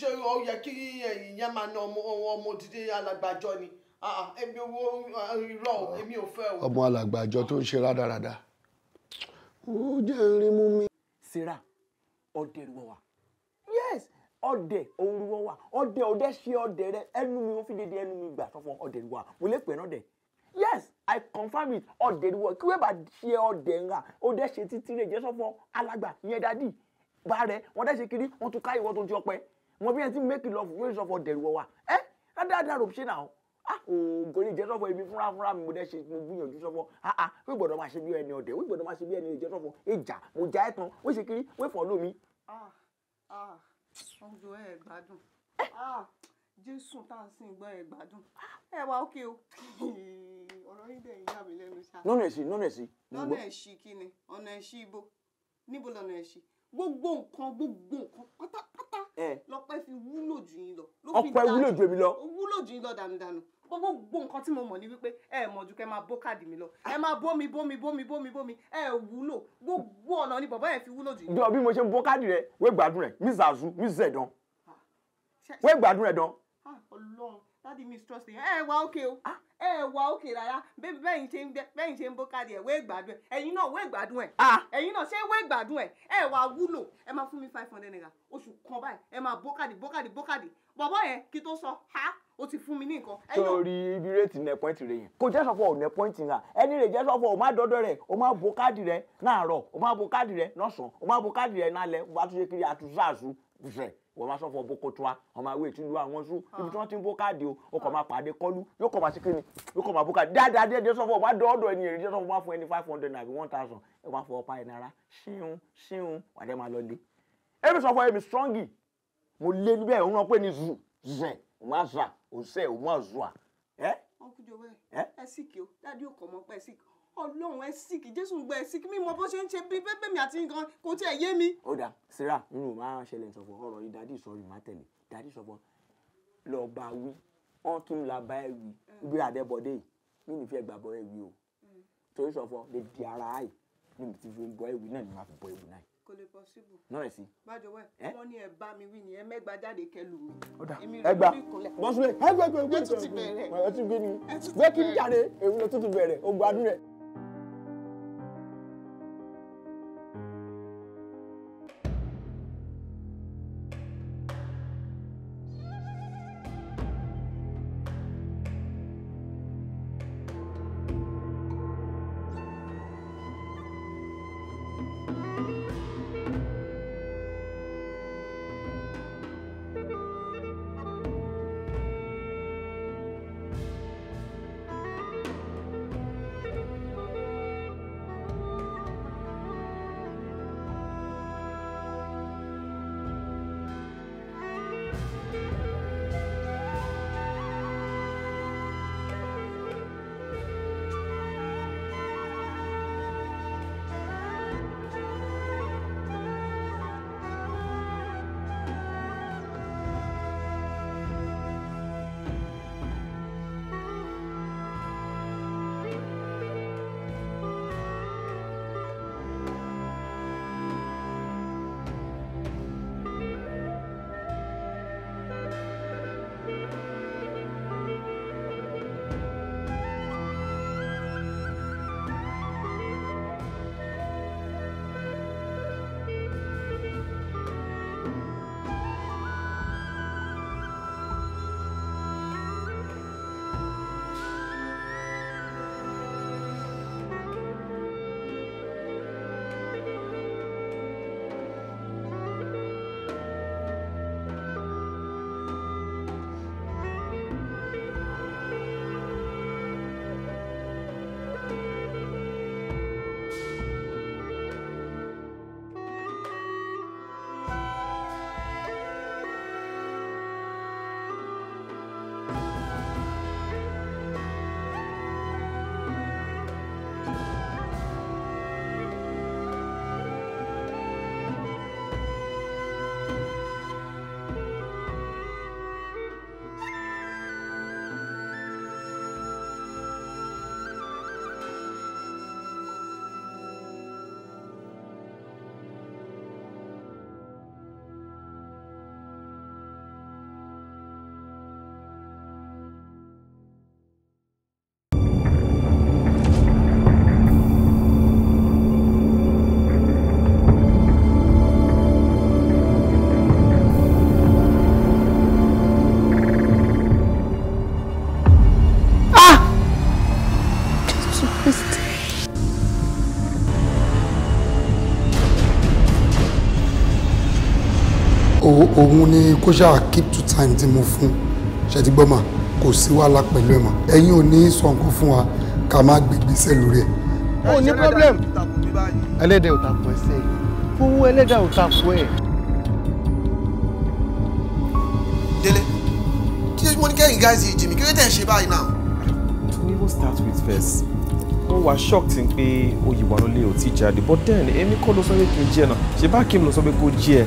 Speaker 1: ṣé ó kí ẹ̀yìn máa na ọmọ ọmọ òdìdí alàgbàjọ ni èmi ò irọ́ èmi ò fẹ́ o. ọmọ alàgbàjọ tó ń ṣe rádaràda
Speaker 2: ó jẹ́ rí mú
Speaker 1: mi. sarah ọdẹ ìwọ wa yes ọdẹ òun ìwọ wa ọdẹ ọdẹ ṣe ọdẹ rẹ ẹnu mi ó fi dédé ẹnu mi gbà sọfún ọdẹ ìwọ wa mo lè pè é náà yes i confirm it ọdẹ ìwọ kí wẹ́ẹ́ bá ṣe ọdẹ ńlá ọdẹ ṣe títí rẹ jẹ́ sọfún alàgbà yẹn dádì bá rẹ wọ́n dẹ̀ ṣe kiri wọ́n tún ká ìwọ tó ń ti ọpẹ wọn bí yẹn ti make love raise up for dẹ̀rù wọ wa ẹ́ dáadáa rò ṣe náà ah, ògò ní ìjẹ́sọ́fọ̀ ibi fúnra fúnra mi mo dẹ́ ṣe mo gbìyànjú sọ́fọ̀ àà ah, ah, wí gbọ́dọ̀ máa ṣe bí ẹni ọ̀dẹ̀ wí gbọ́dọ̀ máa ṣe bí ẹni ìjẹ́sọ́fọ̀ ìjà mo já ẹ̀ tán wí ṣe kiri wí fọ́ lómi.
Speaker 2: ọjọ́ ẹ gbádùn jésù tá à ń sìn gbọ́ ẹ gbádùn ẹ wá ókè o ọ̀rọ̀ yín dẹ̀ ń yà mí lẹ́nu ṣáà. lọ́nà ẹ̀sìn lọ́nà
Speaker 1: ẹ̀sìn. lọ́nà ẹ̀sìn
Speaker 2: kí ni ọ̀nà ẹ̀sìn ibo níbo lọ́nà ẹ̀sìn gbogbo nǹkan gbogbo nǹkan pátápátá lọ́pẹ́ fi wúlò jù yín lọ.
Speaker 1: ọ̀pọ̀ ẹ wúlò jù èmi lọ.
Speaker 2: wúlò jù yín lọ dànùdànù gbogbo nǹkan tí mo mọ̀ ní wípé ẹ mọ̀ ju kẹ́ máa bó káàdì mi lọ ẹ máa bómi bómi bómi bómi bómi ẹ wúlò gbogbo ọ̀nà ni bàbá yẹn fi wúlò jù. jọ
Speaker 1: bí mo ṣe ń bó káàdì rẹ wé gbádùn mí zazu mí zẹdán wé gbádùn dán.
Speaker 2: Ah, Ọlọ́run káàdì mistrust yẹn ẹ oke òkè na ah. ẹ wá òkè rárá bẹ́yìn ṣe ń bẹ́yìn ṣe ń bó káàdì ẹ̀ wé gbádùn ẹ̀ ẹ̀yin náà wé gbádùn ẹ̀ ah. naira oṣù kan báyìí ẹ máa bó káàdì bó yẹn kí tó sọ ha o ti fún mi ní nǹkan. sọrí
Speaker 1: ibi réètì nẹ pọ́ìntì rẹ yẹn kò jẹ́ sọ́fọ̀ ò nẹ rà ẹni jẹ́ sọ́fọ̀ ò má rẹ̀ ò má bo káàdì rẹ̀ ò má bo káàdì rẹ̀ ò wọ́n máa sọ̀fọ̀ bokotwa ọmọ awé ìtúndú àwọn sú ah. ibi tí wọ́n ti ń bó káàdì o ó kàn ah. máa pàdé kọ́lú yóò kàn máa sí kíni yóò kàn máa bó káàdì dáadáa díẹ̀ díẹ̀ sọ̀fọ̀ wá dọ́ọ̀dọ̀ ẹni èrè díẹ̀ sọ̀fọ̀ wá fún ẹni five hundred naira one thousand ẹ wá fọ ọ̀pá ìnara ṣíun ṣíun wàdẹ́ máa lọ lé. èmi sọ̀fọ̀ èmi strong mo lé e níbẹ̀ òun náà pé ní zu zẹ̀ òun á zà òun sẹ̀ òun á zùà. ẹ
Speaker 2: ẹ síkì o dáadé ò kọ̀ mọ́ pẹ́ síkì ọlọ́run ẹ síkì jésù gbọ́ ẹ síkì mímọ bó ṣe ń ṣe bí bẹ́ẹ̀ mi àti nǹkan kò tiẹ̀ yé mi. ó
Speaker 1: dà síra n ò máa ṣẹlẹ̀ ìṣọ̀fọ̀ ọ̀rọ̀ yìí dádì ìṣọ̀rọ̀ má tẹ̀lé dádì ìṣọ̀fọ̀ lọ bá wí wọ́n tún la bá ẹ wí bí àdẹ́bọ̀dé yìí mi nìfẹ́ gbàgbọ́ ẹ wí o torí ìṣọ̀fọ̀ lè di ara ẹ̀ níbi tí fi ń bọ ewì náà ni wọ́n fi bọ ewì náà
Speaker 2: kò lè pọsibú. náà sí. bájọ wẹ wọn ní ẹ bá mi wí ni ẹ mẹgba jáde kẹlù mi. ọ̀dà ẹgbà
Speaker 1: bọ́sùlẹ̀ ẹgbẹ́ ẹgbẹ́ ẹgbẹ́ ẹ tún ti bẹ̀rẹ̀ ẹ tún gbé ni bẹ́ẹ̀ kí n jáde èmi ló tún ti bẹ̀rẹ̀ ogun adúlẹ̀. òun ni kó ṣáà keep to time tí mo fún ṣètìgbọ́mà kò sí wàhálà pẹ̀lú ẹ̀ mọ́ ẹ̀yin ò ní sọ nǹkan fún wa ká má gbègbèsẹ̀ lórí ẹ̀.
Speaker 5: ó ní problem ẹlẹ́dẹ̀ ò takò ẹsẹ̀ owó ẹlẹ́dẹ̀ ò takò ẹ̀.
Speaker 3: délé kí ló ní kẹ́yìn guys yìí jimmy kí ló tẹ̀ ń ṣe báyìí náà.
Speaker 1: we will start with first mo wà shocked n pé oyè wà lólè ò tí jáde but then èmi kọ́ ló sọ pé kí n jí náà ṣe bá kí n lọ sọ pé kó jí ẹ.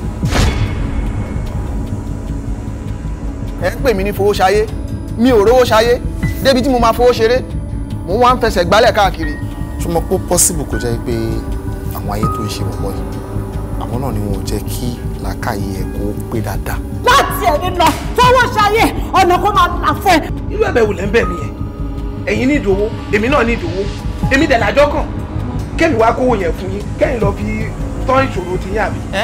Speaker 1: pè mí ní fowó ṣayé mi ò rówó ṣayé débi tí mo máa fowó ṣeré mo wá ń fẹsẹ̀ gbálẹ̀ káàkiri. tó mọ pé pọ́sibù kò jẹ́ pé àwọn ayé tó ń ṣe wọ̀pọ̀ yìí àwọn náà ni wọn ò jẹ́ kí làákàyè ẹ̀ kó pé dáadáa.
Speaker 2: láti ẹni lọ fọwọ́
Speaker 1: ṣayé ọ̀nà kó máa là fẹ́. irú ẹ̀bẹ̀ wò lẹ́ ń bẹ̀ mí ẹ̀ ẹ̀yin ní ìdòwó èmi náà ní ìdòwó èmi dẹ̀ lájọ́ kàn kẹ́mi wá kówó yẹn fún yín kẹ́yìn lọ fi tán ìṣòro ti yín àbí. ẹ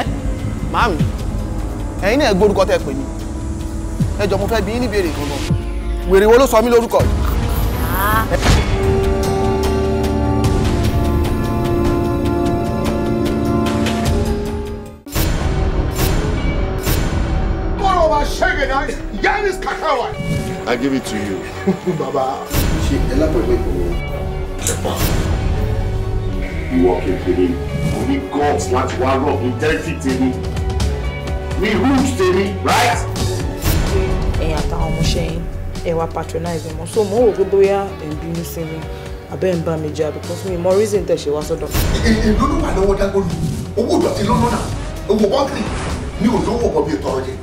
Speaker 1: màámi ẹ̀yin náà gbórúkọ tẹ́ pè mí ẹ
Speaker 5: mo fẹ́ bi yín níbèrè gbogbo wèrè wo ló sọ mí lórúkọ
Speaker 3: I give it to you.
Speaker 5: Baba. She elaborate for You
Speaker 1: walk in tèmi. You need gods like one rock, integrity tèmi. We rules tèmi, right?
Speaker 2: àmúṣe yín ẹ wá patronize mọ́ so mo ń wò pé bóyá ẹ̀ ń bínú sí mi abẹ́ ń bá mi jà because mi mọ reason tẹ̀ ṣe wá sọ́dọ̀. èlò ló lọ́wọ́ dágbólu
Speaker 1: owó ìdọ̀tí lọ́nà náà owó bọ́ọ̀kì ni ò lówó bọ̀ bí o tọrọ jẹ.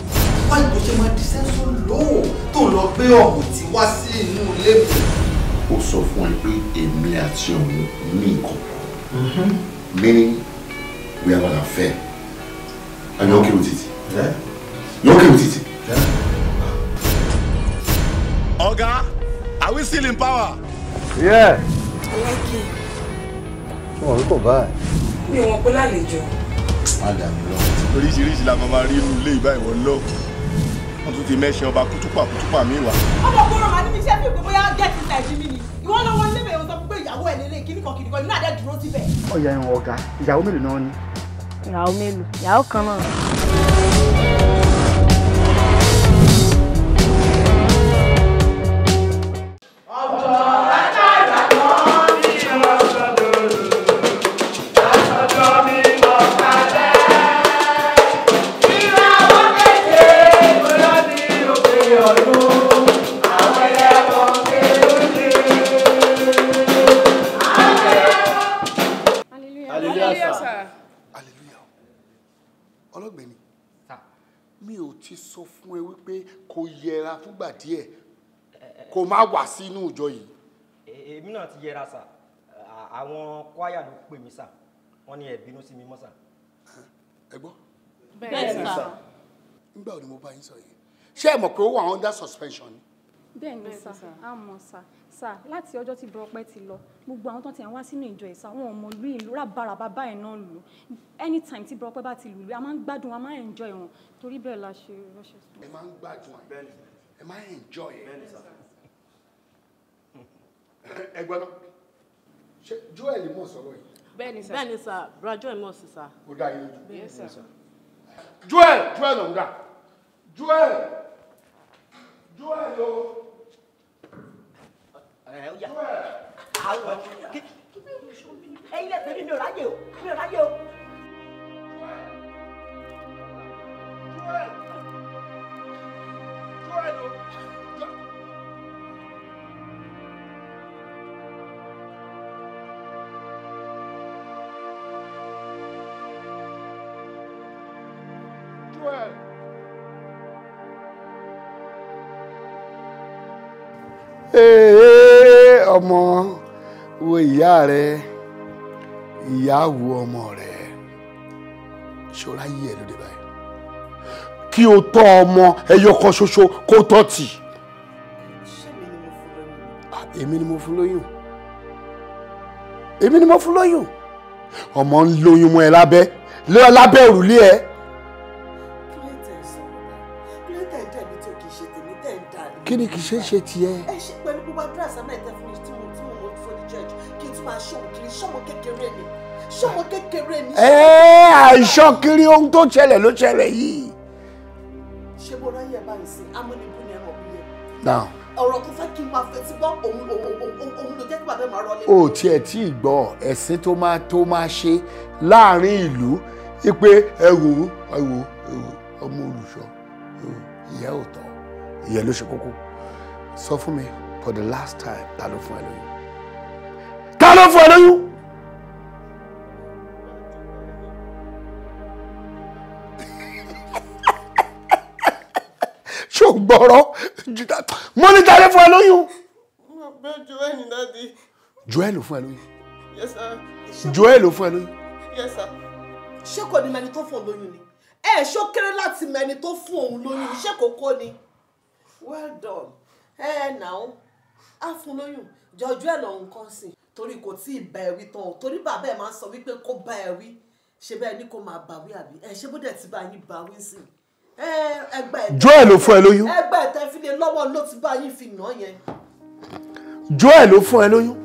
Speaker 2: wáyé kò ṣe máa di sẹ́ńsọ̀
Speaker 1: lóò tó lọ gbé ọ̀hún tí wá sí inú ilé mi. ó sọ fún ẹ pé
Speaker 3: èmi àti òun ní nǹkan pọ̀ mhm. we have an affair and you're okay with it? Eh?
Speaker 1: Oga, are we still in power?
Speaker 3: Yeah. Lucky.
Speaker 4: Wọ́n rí kò báyìí.
Speaker 2: Mi ò wọ́n pé lálejò.
Speaker 1: Àdà mi lọ. Oríṣiríṣi la máa rí inú ilé ìbá ìwọ lọ. Wọ́n tún ti mẹ́ṣin ọba kútúpà kútúpà mi wá.
Speaker 2: Ọmọ kúrò màá níbi iṣẹ́ fíìmù bóyá get it like Jimmy ni. Ìwọ lọ́wọ́ níbẹ̀ ìwọ sọ pé ìyàwó ẹ̀ lélẹ̀ kíní kan kìnìkan ìlú àdẹ dúró
Speaker 1: Oh yeah, Oga. ọ̀gá, ìyàwó mélòó náà ni?
Speaker 2: Ìyàwó mélòó, ìyàwó kan náà.
Speaker 1: wípé kò yẹra fúgbà díẹ̀ kò má wà sínú ìjọ yìí. E, èmi náà ti yẹra sà àwọn kwaya ló pè mí sà wọ́n ní ẹ bínú sí mi mọ́ sà. ẹ gbọ́. bẹ́ẹ̀ sà. nígbà wo ni mo bá yín sọ yìí ṣé ẹ mọ̀ pé ó wà under suspension
Speaker 2: bẹ́ẹ̀ ni sà á mọ̀ sà sà láti ọjọ́ tí bọ́pẹ́ ti lọ gbogbo àwọn tó ti wá sínú ìjọ ìsà wọn ò mọ ìlú ìlú rábàrà bàbá ẹ̀ náà lù anytime tí bọ́pẹ́ bá ti lù lù a máa ń gbádùn a máa ń enjoy wọn torí bẹ́ẹ̀ la ṣe rọ́ṣẹ́ sọ. ẹ máa
Speaker 1: ń gbádùn ẹ máa ń enjoy ẹ ẹ gbọ́dọ̀ ṣe joel mọ̀ sọ̀rọ̀ yìí. bẹ́ẹ̀ni sà bẹ́ẹ̀ni sà bra joel mọ̀ sí sà. ó dá yín lójú. joel joel ọ̀hún joel joel o ìyá àwọn ẹ̀yin lẹsẹ mi mi ò ráyè o mi ò ráyè o.
Speaker 3: Hey ọmọ
Speaker 1: wo ìyá rẹ ìyá wo ọmọ rẹ ṣọ́ra yí ẹ lóde báyìí kí o tọ́ ọmọ ẹyọ kan ṣoṣo kó tọ́ tì èmi ni mo fún lóyún èmi ni mo fún lóyún ọmọ ń lóyún mọ́ ẹ lábẹ́ lábẹ́ òrùlé ẹ. kí ni kì í ṣe ṣe tiẹ̀.
Speaker 2: ẹ ṣe ẹ
Speaker 1: àìsàn kiri ohun tó ṣẹlẹ̀ ló ṣẹlẹ̀ yìí.
Speaker 2: ṣé mo ráyè bá ń sin amúnibú
Speaker 1: ni ẹran òbí yẹn. ọ̀rọ̀ tó fẹ́ kí n máa fetí gbọ́ òun òun ló jẹ́ kí bàbá máa rọlé. o tiẹ̀ tí ì gbọ́ ẹ̀sìn tó máa tó máa ṣe láàrin ìlú pé ẹ wò ọmọ olùṣọ́ ìyá ò tọ́ ìyẹn ló ṣe kókó sọ fún mi for the last time ta ló fún ẹ lóyún ta ló fún ẹ lóyún. gbọ́rọ́
Speaker 2: mo ní tàlẹ́ fún ẹ lóyún.
Speaker 1: joel ni dáàdi. joel ló fún ẹ lóyún. yes sir. joel ló fún ẹ lóyún.
Speaker 2: yes sir. ṣé kò ní mẹni tó fún lóyún ni ẹ ṣó kéré láti mẹni tó fún òun lóyún ṣé kò kó ni well done ẹ ẹ nàá á fún lóyún jọjú ẹ lọhùn kan sí i torí kò tí ì bá ẹ wí tán o torí bàbá ẹ máa ń sọ wípé kó bá ẹ wí ṣe bẹ́ẹ̀ ni kó máa bá wí àbí ẹ ṣé bó dẹ̀ ti bá yín bá wí sí Joel ló fún ẹ lóyún.
Speaker 1: Joel ló fún ẹ lóyún.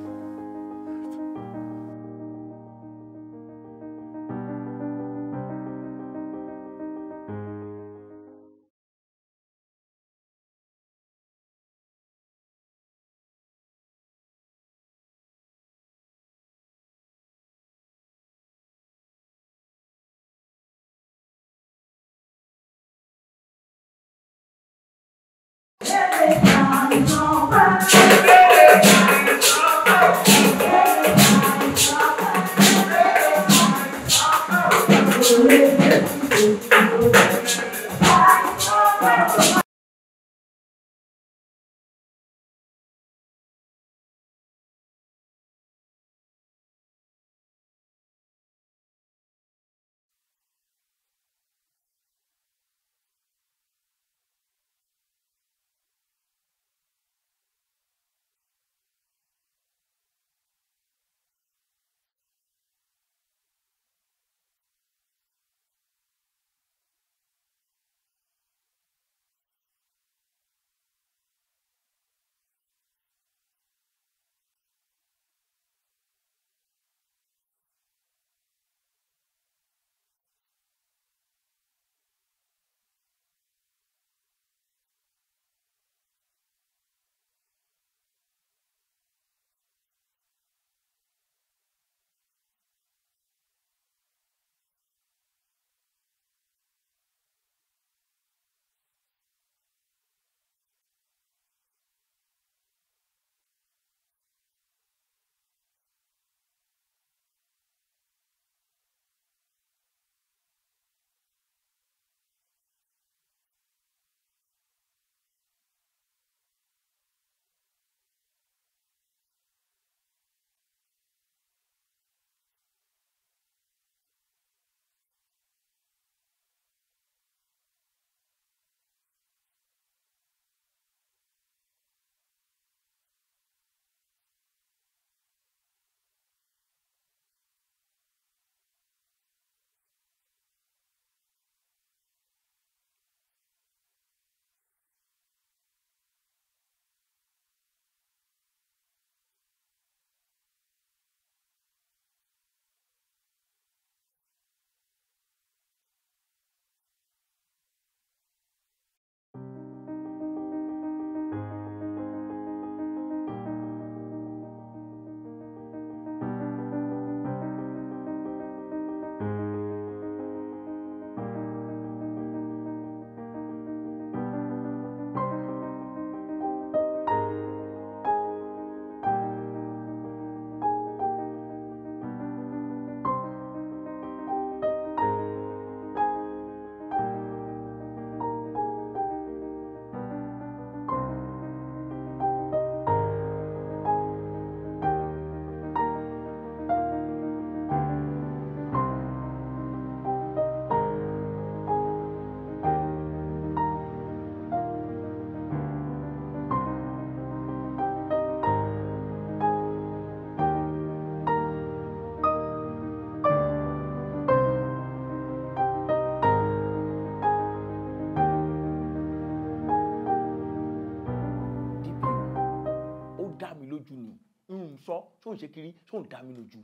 Speaker 1: tó ń ṣe kiri tó ń dá lójú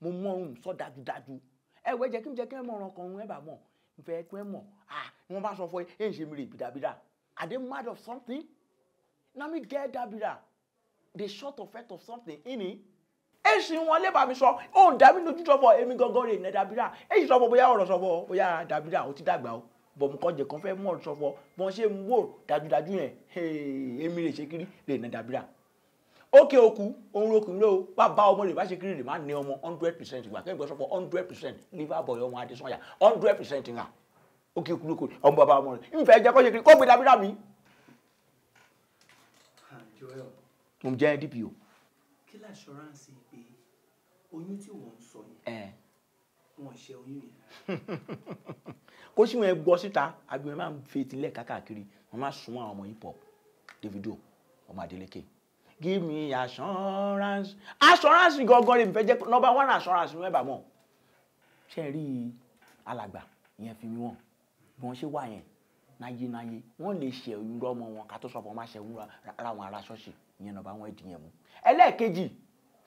Speaker 1: mo mọ ohun sọ dájúdájú ẹ wẹ́ jẹ́ kí n jẹ́ kí ẹ mọ̀ ọ̀ràn kan ẹ bá mọ̀ n fẹ́ kí ẹ mọ̀ ah ni wọ́n bá sọ fún ẹ ẹ ń ṣe mi rè bìdàbìdà are they mad of something na mi gẹ́ dàbìdà the short effect of something Ini. ẹ ṣì wọn lè bá mi sọ ó ń dá lójú sọ́fọ̀ èmi gangan rè ní dàbìdà ẹ ṣì sọ́fọ̀ bóyá ọ̀rọ̀ sọ́fọ̀ bóyá dàbìdà ó ti dàgbà o bọ̀mùkọ́jẹ̀ kan fẹ́ mọ̀ sọ́fọ̀ bọ́n ṣe ń wò dájúdájú yẹn èmi rè ṣe kiri rè ní dàbìdà ókè okù òun ro kùnrin o bàbá ọmọ rẹ̀ bá ṣe kiri rẹ̀ máa ní ọmọ hundred percent ìgbà kẹ́yìn gbọ́sọ̀pọ̀ hundred percent liver boy ọmọ Adésanyà hundred percent ńlá ókè okù lóko ọmọ bàbá ọmọ rẹ̀ ìfẹ́ jẹ́ kó ṣe kiri kó gbé dábìdá mi. mo jẹ́ DPO. kí láṣọ́ránsì pé oyún tí wọ́n ń sọ yẹn wọ́n ṣe oyún yẹn. kó sì wọn gbọ́ síta àbí wọn máa ń fetí lẹ́ẹ̀ká káàkiri wọn máa sún àwọn ọmọ hip hop Davido ọmọ Adeleke give me assurance assurance gangan lè mi fẹ́ jẹ́ number one assurance ní ẹ̀bà mọ̀ ṣe rí i alàgbà ìyẹn fi mí wọ̀n bí wọ́n ṣe wà yẹn náyé náyé wọ́n lè ṣe ìwúrọ̀ ọmọ wọn ká tó sọ fún ọmọ àṣẹ ìwúrọ̀ ara wọn ara ṣọ́ọ̀ṣì ìyẹn number one ẹ̀dì yẹn mú ẹlẹ́ẹ̀kejì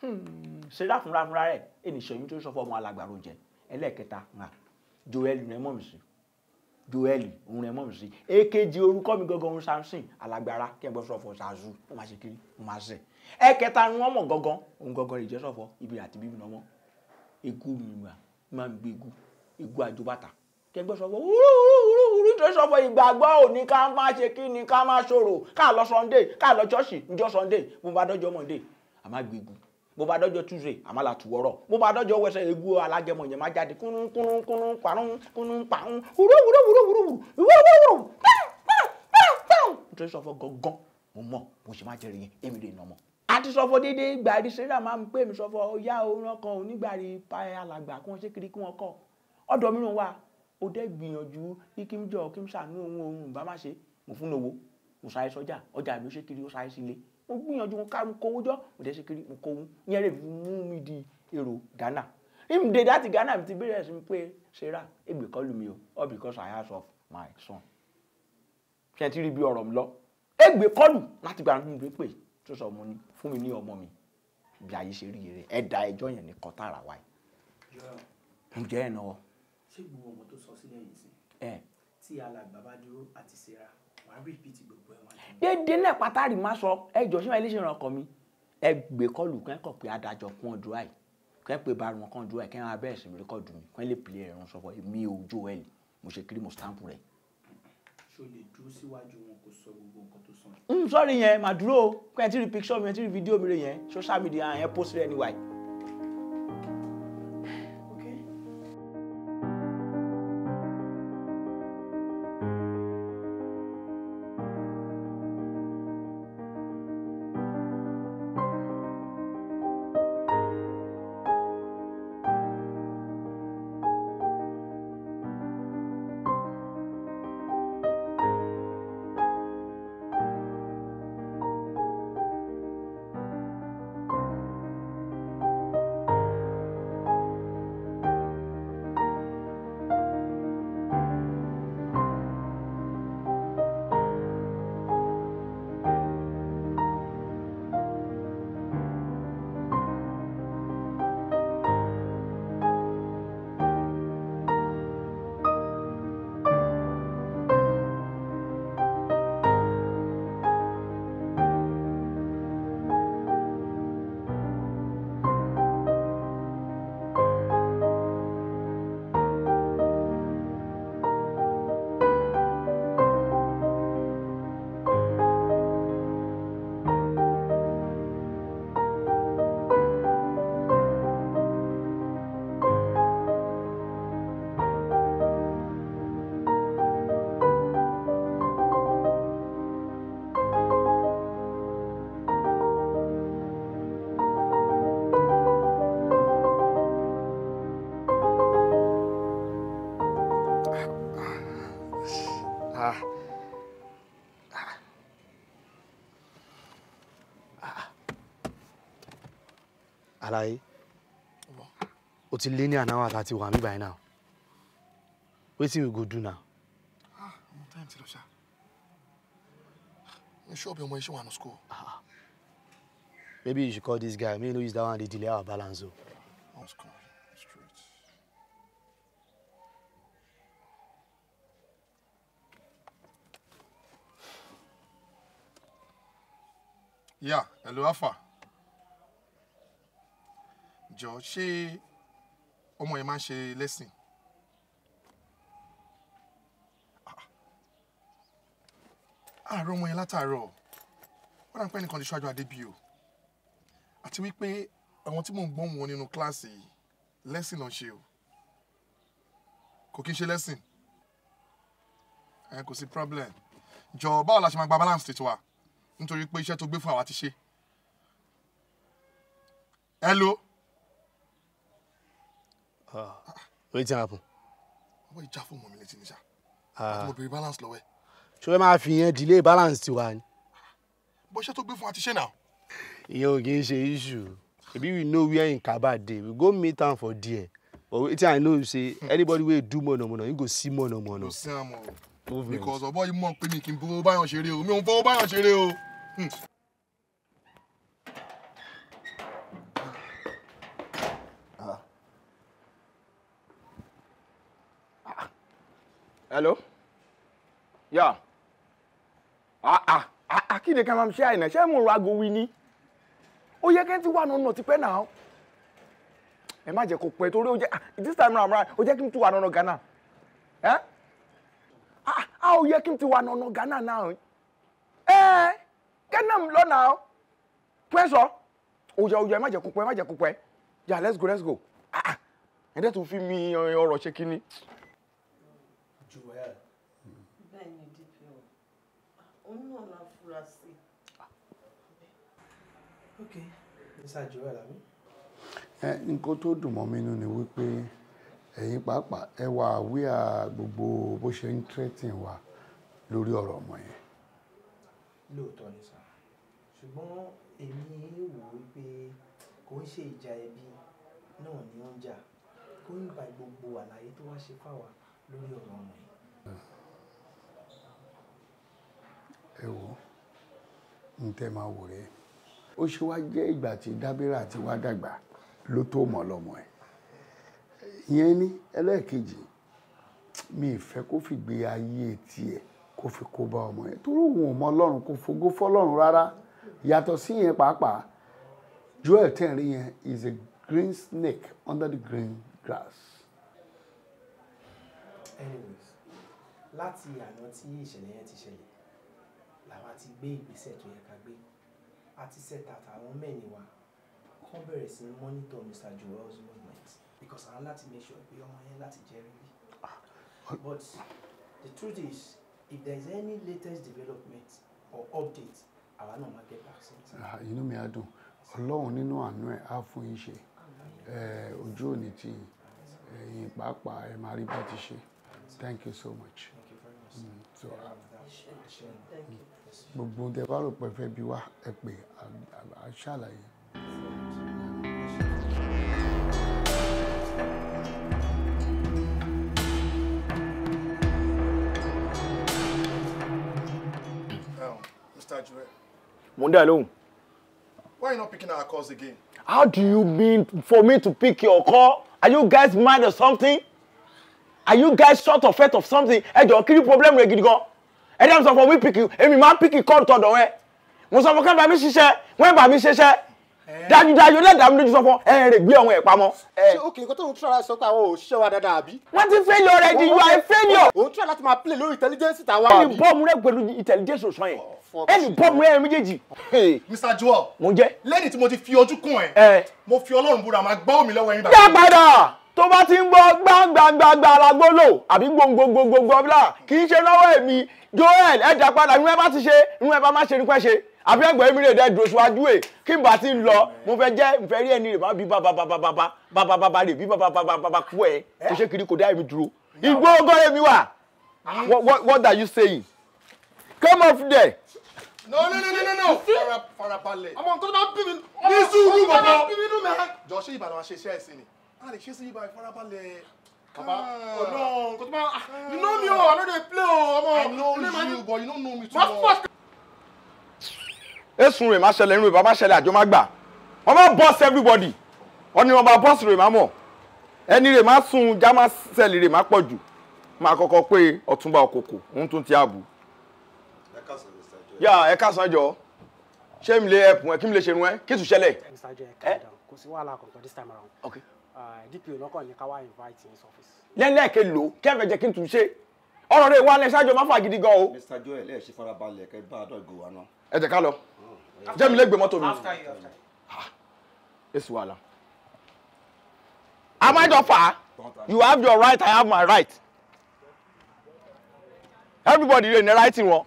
Speaker 1: hmm, ṣẹlá fúnra fúnra rẹ̀ ènìṣẹ́ yìí tó sọ fún ọmọ alàgbà ló jẹ ẹlẹ́ẹ̀kẹta joel nẹ́mọ̀mùsì joel òun rẹ mọ̀ mí sí èkejì orúkọ mi gangan òun samson alágbára kí ẹ gbọ́ sọ̀fọ̀ ṣáàzù ó máa ṣe kiri ó máa ṣẹ̀ ẹ̀kẹta ni wọ́n mọ̀ gangan òun gangan ìjẹ́ sọ̀fọ̀ ibi àti bíbí náà mọ́ egu mìíràn máa ń gbé egu egu àjọbàtà kí ẹ gbọ́ sọ̀fọ̀ wúrúwúrúwúrú tó sọ̀fọ̀ ìgbàgbọ́ òní ká má ṣe kí ni ká má ṣòro ká lọ sunday ká lọ ṣọ́ọ̀ṣì níjọ́ sunday mo bá dọ́jọ́ monday àmá gbé egu bó bá dọ́jọ́ tuesday àmọ́ la tù wọ́rọ̀ bó bá dọ́jọ́ wẹsẹ̀ egu alágẹmọ yẹn má jáde kúnú kúnú kúnú parun kúnú parun wúrú wúrú wúrú wúrú wúrú wúrú wúrú nítorí sọfọ gangan mo mọ mo sì máa jẹrìí èmi lè nà ọmọ. àti sọfọ déédéé gbàrí sẹ́dá máa ń pè mí sọfọ ya òun kan onígbàrí pa alàgbà kí wọ́n ṣe kiri kí wọ́n kọ́ ọ̀dọ̀ mìíràn wà ó dẹ́ gbìyànjú kí kí n jọ kí n ṣàánú ohun ohun ìbámáṣe mo fún lówó mo sáré sọjà ọjà mi ó ṣe kiri ó sáré sí mo gbìyànjú mo ká mo kówó jọ mo dẹ́ ṣe kiri mo kówó yẹn rẹ̀ mú mi di èrò Ghana ìmùdè láti Ghana mi ti bẹ̀rẹ̀ sí pé sarah ègbè kọ́ lù mí o all because I ask of my son ṣe ti rí bí ọ̀rọ̀ mi lọ ègbè kọ́ lù láti gbà mí pé pé tó sọ mo ní fún mi ní ọmọ mi bí ayé ṣe rí rẹ ẹ̀dá ẹjọ́ yẹn ní kọ́tà ara wa yìí ǹjẹ́ ẹ̀ náà. ṣé gbogbo ọmọ tó sọ sílẹ̀ yìí sí. ẹ tí alàgbà bá dúró àti sarah dédé náà pátá rí má sọ ẹjọ sí ma ilé ìṣẹ̀ràn ọkọ mi ẹ gbé kọlù kẹ́ kọ̀ pé adájọ́ kún ọdún àì kẹ́ pé bá wọn kàn àì kẹ́ wọn abẹ́ ẹ̀sìn rékọ́dù mi kẹ́ lè pèlè ẹ̀rọ sọ̀rọ̀ mi ò jó ẹ̀ mo ṣe kiri mo stamp rẹ̀. ṣo lè dúró síwájú wọn kó sọ gbogbo nǹkan tó sàn. Hmm, sọ́ọ̀rì yẹn màá dúró rí picture mi ẹ ti rí fídíò mi rẹ̀ yẹn social media yẹn post rẹ̀ níwáyé. Alaye o ti lé ní an hour àti wà mí báyìí now wetin we go do now.
Speaker 5: ah ọmọ táyà ti lọ ṣá mi ṣọ́ọ̀bù ọmọ iṣẹ́ wà ní school. Ah, ah.
Speaker 1: maybe you should call this guy make he no use that one dey delay our balance o. Oh.
Speaker 5: Yeah, hello, Alpha jọ ṣé ọmọ yẹn máa ń ṣe lẹ́sìn. Ah, àárọ̀ ọmọ yẹn látàárọ̀ wọ́n ráńpẹ́ nìkan ti ṣáájú adébíyò àti wípé àwọn tí mò ń gbóhùn wọn nínú kíláàsì yìí lẹ́sìn náà ṣe o kò kí n ṣe lẹ́sìn ẹ kò sí problem jọ báwo la ṣe máa gba balance tètè wa nítorí pé iṣẹ́ tó gbé fún àwa ti ṣe. hello.
Speaker 1: Ah, wetin happen?
Speaker 5: Ọmọ ìjà fún ọmọ mi létí ni ṣá.
Speaker 1: Ah. Àti mo bèrè balance lọ́wọ́ ẹ̀. Ṣé o máa fi yẹn delay balance tiwa ni?
Speaker 5: Bó ṣe tó gbé fún wa ti ṣe náà.
Speaker 1: Ìyẹn ò kì í ṣe issue. Ebi we know where in Kaba dey, we go meet am for there. But wetin I know say anybody wey do mọ̀nàmọ̀nà, you go see mọ̀nàmọ̀nà. Kò
Speaker 5: sí àmọ̀ o. Because ọ̀bọ̀ yìí mọ̀ pé mi kì í bó báyọ̀ ṣeré o, mi ò ń fọwọ́ báyọ̀ ṣeré o. Hmm.
Speaker 1: hello, yeah ah ah ah akịne kamam shi aina ya Ṣe ṅụrụ Agọwini ọ yé kèmtiwanụnọ tipenụ ahụ ị ma je kọ pe tori o je ah this time ah this time ra ra o je kemtiwanụnụ Ghana ah ah ọ yé kemtiwanụnụ Ghana na ẹ Gana m lọ na o, pe so ọ ya ọ ya je kọ pe je kọ pe let's go let's go ah ndetụ ọfiimi ọrụ ọrụ ọsaki nị.
Speaker 3: ọ́físà Joel àbí.
Speaker 1: ẹ nǹkan tó dùn mọ́ mi nínú ni wípé ẹ̀yin pàápàá ẹ wà wíà gbogbo bó ṣe ń tẹ́tìn wa lórí ọ̀rọ̀ ọmọ yẹn. lóòótọ́ ni sà ṣùgbọ́n èmi wò ó pé kò ń ṣe ìjà ẹbí náà ni ó ń jà kó ń gba gbogbo àlàyé tó wá ṣe fáwa lórí ọ̀rọ̀ ọmọ yìí. ẹ wo ń máa wò rèé ó ṣe wá jẹ́ ìgbà tí dábírà ti wá dàgbà ló tó mọ̀ lọ́mọ ẹ̀ ìyẹn ní ẹlẹ́ẹ̀kejì mi ìfẹ́ kó fi gbé ayé tiẹ̀ kó fi kó bá ọmọ yẹn torí òun ò mọ ọlọ́run kò fogó fọlọ́run rárá yàtọ̀ sí yẹn pàápàá joel tẹ̀rí yẹn is a green snake under the green grass. anyways láti àná tí ìṣẹ̀lẹ̀ yẹn ti ṣẹlẹ̀ làwa ti gbé ìgbésẹ̀ tó yẹ ká gbé àti set out àwọn mẹ́ni wa kán bẹ̀rẹ̀ sí monitor Mr. Joel's movement because àwọn láti make sure pé ọmọ yẹn láti jẹ́ rírì ah. but the truth is if there is any latest development or update àwa náà máa get back sí it. Ah, inú mi á dùn ọlọ́run nínú àánú ẹ̀ á fún yín ṣe eh, ojú òní tí ẹ̀yin eh, pàápàá ẹ̀ máa rí bá ti ṣe thank you so much. Thank you very much. Mm, so,
Speaker 4: uh, thank you. Ah
Speaker 1: gbogbo ohun tẹ bá rò pé fẹ́ bí wá ẹ pé a ṣàlàyé.
Speaker 5: Mr. Um, Jure. Why are you not picking our calls again?
Speaker 1: How do you mean for me to pick your call? Are you guys mad or something? Are you guys short of faith of something? Ẹ don't kí ni problem rẹ̀ gidi gan? ẹ̀dá mi sọ fún mi pìkì èmi máa pìkì kọ́ọ̀tù tọ̀dọ̀ ẹ mo sọ fún kẹ́ bá mi ṣiṣẹ́ wọ́n bá mi ṣiṣẹ́ dájúdájú lẹ́dàá mi lójú sọ fún ẹ rè gbé ọmọ ẹ̀ pamọ́. ṣé o kì í kó tóun túra sọ pé àwọn òṣìṣẹ́ wa dáadáa àbí. wọ́n ti fail already you are a oh, failure. òun túra láti máa play lórí intelligence tàwa. ẹni bọ́ọ̀mù rẹ pẹ̀lú intelligence òsàn yẹn ẹni bọ́ọ̀mù rẹ méjèèjì. Mr. Joel mo jẹ́ lẹ́yìn tí mo ti fi ojú kún ẹ eh. mo fi Ọlọ́run búra máa gbọ́ òmìnira wẹ̀yìn bàbá tó bá ti ń gbọ́ gbàngbàngbà alágbólò àbí gbòǹgbòǹgbòǹgbò ọ̀bílà kì í ṣe lọ́wọ́ èmi joel ẹ̀dá padà irun ẹ̀ bá ti ṣe irun ẹ̀ bá má ṣe irun pẹ́ ṣe àbí ẹ̀gbọ́n èmi rè dẹ́ dùn síwájú ẹ̀ kí n bá ti ń lọ mo fẹ́ jẹ́ nfẹ́ rí ẹni rè má bí bàbàbàbàbà rè bí bàbàbàbà kú ẹ̀ kò ṣe kiri kò dá èmi dúró igbó ọgọ́ èmi wà what are you saying come off there.
Speaker 5: no no no no no farabalẹ̀ ọmọ nǹkan tó bá bí mi ní sùúrù bọ̀bọ̀ jọ ṣé ìbàdàn àṣeṣe ẹ̀sìn ni a lè ṣe sí ibà ìfarabalẹ̀. Baba, oh no, Kotuma, ah,
Speaker 1: you know me, oh, I know they play, oh, ọmọ. I know you, but you don't know me too well. Esun rẹ̀ máa ṣẹlẹ̀ irun rẹ̀ bàbá ṣẹlẹ̀ àjọ máa gbà. Wọ́n máa boss everybody. Wọ́n ní wọ́n bá boss rẹ̀ máa mọ̀. Ẹni rẹ̀ máa sun jámá sẹ́ẹ̀lì rẹ̀ máa pọ̀ jù. Máa kọ́kọ́ pé ọ̀túnba òkòkò, òun tún ti ààbò. Yà ẹ káàsán jọ. Ṣé mi lè ẹ̀pùn ẹ kí mi lè ṣerun ẹ? Kí tù ṣẹlẹ̀? Mr. Eh? Kò sí wàhálà kankan this time around. Okay. Eh, DPO lọ́kàn ní ká wá invite his office. lẹ́lẹ́ẹ̀kẹ́ lò kẹ́fẹ́ jẹ́ kí n tún ṣe ọ̀rọ̀ rẹ̀ wà lẹ́ ṣáájú ọmọ fà gidi gan o.
Speaker 3: Mr. Joel ẹ ṣe farabalẹ̀ kẹ́ bá àdọ́gò wa náà. ẹ jẹ́ ká lọ jẹ́mi lẹ́gbẹ̀ẹ́ mọ́tò mi.
Speaker 1: èsì wàhálà. am I dọ́fà? you have your right I have my right. everybody dey in the right wọn.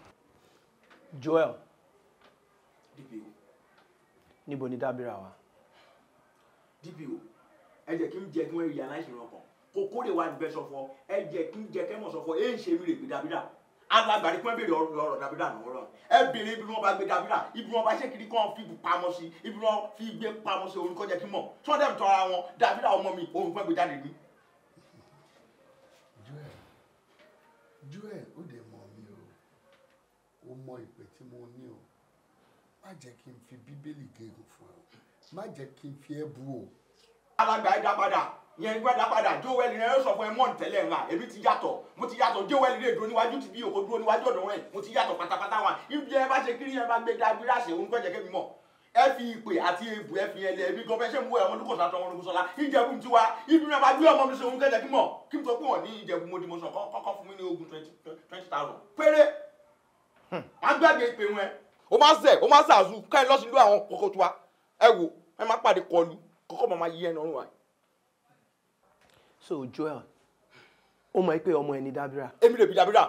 Speaker 1: Joel níbo ni dábìrà wa. DPO ẹ jẹ́ kí n jẹ́ kí wọ́n rí aláìsàn ọkàn kókóre wa bẹ ṣọ̀fọ̀ ẹ jẹ́ kí n jẹ́ kẹ́mọ̀ ṣọ̀fọ̀ ẹ ń ṣe mí lè gbé dábìdà alágbàdì kí wọ́n béèrè ọ̀rọ̀ dábìdà náà rọ̀ ẹ béèrè ibi wọn bá gbé dábìdà ibi wọn bá ṣe kiri kàn fi pamọ́ sí ibi wọn fi gbé pamọ́ sí orúkọ jẹ́ kí mọ̀ tí wọ́n dẹ̀ tọ́ ara wọn dábìdà ọmọ mi òun fẹ́ gbé jáde ní. joel joel ó dẹ̀ mọ̀ mi o má jẹ́ kí n fi bíbélì gégùn fún ẹ má jẹ́ kí n fi ẹ́ bú o alàgbà ẹ̀dá padà yẹn gbẹ́dá padà joel yẹn yóò sọ fún ẹ mọ́ ntẹ́lẹ̀ ńlá èmi ti yàtọ̀ mo ti yàtọ̀ joel lè dúró níwájú ti bí òkò dúró níwájú ọ̀dọ̀ rẹ̀ mo ti yàtọ̀ pátápátá wa ibi ẹ bá ṣe kiri yẹn bá gbé dágbéra ṣe òun gbẹ́jẹ̀ kébì mọ̀ ẹ fi ìpè àti èbù ẹ fi ẹlẹ ẹbí gan fẹsẹ mú ẹ wọn lóko sàtọ wọn ti wa ibi mi àbájú ọmọ mi sòun kẹjẹ kí mọ kí n tó pé ní ìjẹ̀bú mo di mo sàn kọ́kọ́ fún mi ní ogún twenty thousand péré wọn hmm. ìpè wọn. ó máa sẹ ó máa ń sàzú káyọ̀ lọ́sìn ló àwọn kókó tiwa ẹ wò ẹ má pàdé kọlu kọ́kọ́ mọ̀ máa yí ẹnu ọ̀run wa. so Joel ó mọ̀ pé ọmọ ẹni Dábírà. èmi lè bi Dábírà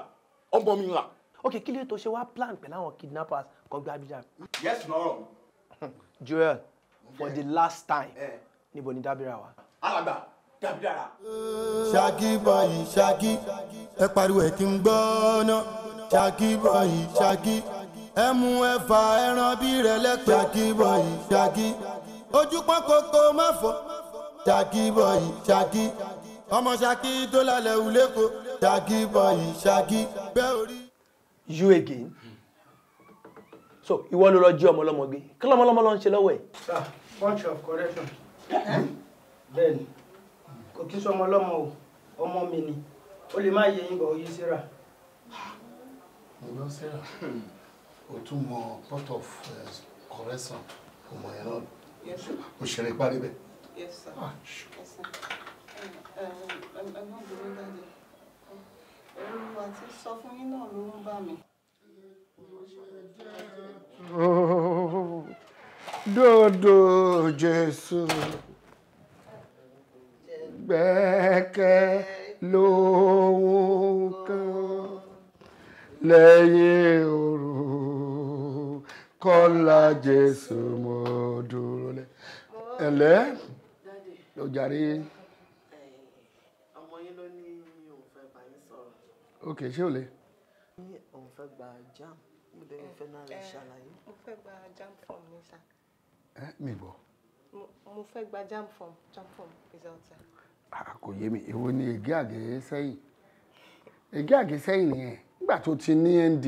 Speaker 1: ọmọ mi wà. ok kí ló tó ṣe wá plan pẹ̀lú àwọn kidnappers kan gba Dábírà. yes nọrọ. Joel for the last time eh. níbo ni Dábírà wà. alàgbà Dábírà.
Speaker 3: ṣáàkì báyìí ṣáàkì ẹ pariwo ẹ ti ń gbọ́ ṣáàkì báyìí ṣáàkì ẹ mú ẹ fa ẹran bí rẹ lẹ́pẹ́ ṣáàkì báyìí ṣáàkì ojú kókó má fọ́ ṣáàkì bọ̀yì ṣáàkì ọmọ ṣáàkì tó lálẹ́ òlékò ṣáàkì bọ̀yì ṣáàkì you again so
Speaker 1: ìwọ ló lọ jí ọmọ ọlọmọ gbé kí lọmọ ọlọmọ lọ ń ṣe lọ́wọ́ ẹ. sir punch of correction bẹ́ẹ̀ni kò kí sọmọ ọlọmọ o ọmọ mi ni ó lè má yẹ yín bọ síra. mo lọ síra o hmm. tún mọ port of eh, correction ọmọ yẹn náà
Speaker 2: o
Speaker 1: ṣe rí parí bẹ́ẹ̀.
Speaker 2: Yes, sir. Ah, sure. Yes, sir. Um, um, I'm not doing that. Ẹ̀rù àti sọ fún yín náà ló ń bà mí.
Speaker 1: Dòdò Jésù gbẹ́kẹ̀ lóhun kan lẹ́yìn òru kọ́lá Jésù. pẹ̀lẹ́ ló jàre. ọmọ yín ló ní fẹ́ bá yín sọ̀rọ̀. ṣé o lè.
Speaker 2: fẹ́ gba jam mo fẹ́ náà lè eh, ṣàlàyé. mo fẹ́ gba jam form mi ẹ eh, mi gbọ́. mo fẹ́ gba jam form jam form result.
Speaker 1: Ah, kò yé mi èwo ni ègé àgé sẹ́yìn ègé àgé sẹ́yìn nìyẹn nígbà tó ti ní ND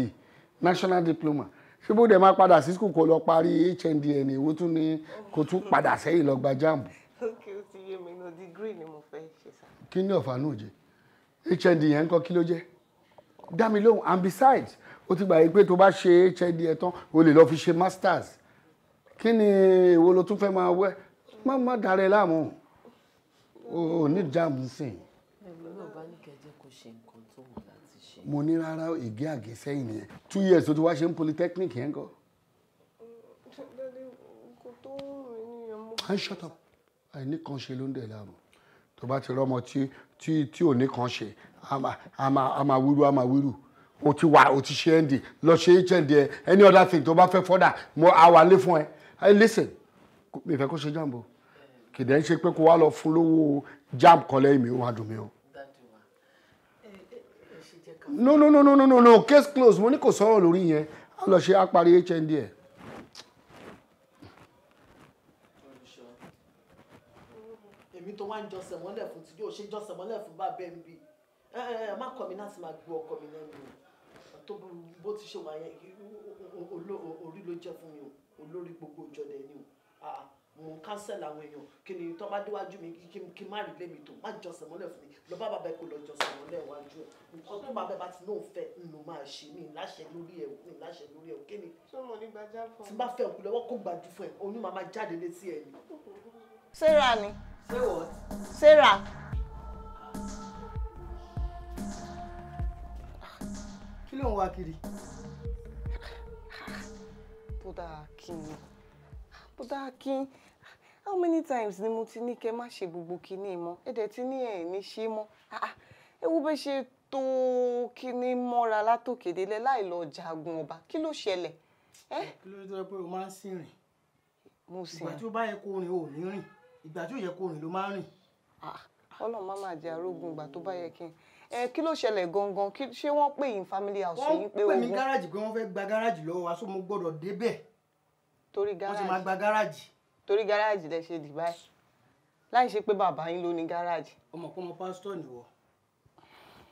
Speaker 1: national diploma ṣé bó dẹ̀ máa padà sí skul kó lọ parí HNDN èwo tún ni kó tún padà sẹ́yìn lọ gba jamb.
Speaker 2: ok o ti yé mi no degree ni mo fẹ́ ṣe sá.
Speaker 1: kí ni ọ̀fà náà jẹ HNDN ńkọ́ kí ló jẹ́ dá mi lóhùn and besides o ti gbà yí pé tó bá ṣe HNDN tán o lè lọ fi ṣe masters kí ni èwo ló tún fẹ́ máa wẹ́ má má darẹ̀ láàmú o ò ní jamb nsìn. mo ní rárá ìgé àgẹ́sẹ́yìn nìyẹn two years tó ti wá ṣe ń polytechnic yẹn kọ́. I shut àìní kan ṣe ló ń dẹ̀ láàmú tó bá ti rọ́mọ tí tí ò ní kan ṣe a máa wíru a máa wíru o ti wà o ti ṣe ẹ́ndì lọ ṣe hnd ẹ any other thing tó bá fẹ́ fọ́dà mo àwà lé fún ẹ ẹ listen mi fẹ́ kó ṣe jàǹbó kìdẹ́ ń ṣe pé kó wá lọ fún lówó jam kọ́lẹ́ mi ó wá dùn mí o no no no no no no no case closed mo ní kò sọ̀rọ̀ lórí yẹn a lọ ṣe apari hnd ẹ̀. èmi tó wá ń jọsẹ̀ mọ́lẹ̀ fún tí yóò ṣe jọsẹ̀ mọ́lẹ̀ fún bá bẹ́ẹ̀ ń ẹ má kọ̀ mí láti máa gbọ́ ọkọ mi lẹ́nu tó bó ti ṣe wà orí ló jẹ́ fún mi o olórí gbogbo ìjọ dẹ̀ o ah, ah mò ń cancel àwọn èèyàn kí ni tó bá déwájú mi kí n má rí lémi tó má jọsẹ̀ mọ́lẹ̀ fún mi lọ bá bàbá ẹ lọ jọsẹ̀ mọ́lẹ̀ wájú ẹ̀ nǹkan tó bàbá bá ti náà fẹ́ ń máa ṣe mí láṣẹ lórí ẹ̀ mí láṣẹ lórí ẹ̀ kí ni.
Speaker 2: sọmọ ní gbajà
Speaker 1: fún. tí bá fẹ́ òkú lọ́wọ́ kó gbàdú fún ẹ oyún máa máa jáde létí ẹ ni. sarah ni.
Speaker 2: say what. sarah. kí ló ń wá kiri. tó dáa kí ni bùdá akin how many times ni mo ti ní kẹ́ má ṣe gbogbo kinní mọ́ ẹ dẹ̀ ti ní ẹ̀ ní ṣe mọ́ ewu bẹ́ẹ̀ ṣe tó kinní mọ́ra látòkèdélẹ̀ láì lọ jagun ọba kí ló ṣẹlẹ̀. kí ló
Speaker 1: dé pé o máa ń sìn rìn ìgbà tí ó bá yẹ kó rìn ò ní rìn ìgbà tí ó yẹ kó rìn ló máa rìn.
Speaker 2: Ọlọ́run má máa jẹ arógun ìgbà tó bá yẹ kí n kí ló ṣẹlẹ̀ gangan ṣé wọ́n pè yín family house yín pé ogun. wọ́n pè mí gáràjì pé wọ́n fẹ́ gba gáràjì lọ́wọ́ wa só mo gbọ́dọ̀ débẹ̀ torí garage, wọ́n ti máa gba gáràjì. torí gáràjì lẹ ṣe Dubai láì ṣe pé bàbá yín ló ní garage ọmọ pọ́nmọ pásítọ̀ nìwọ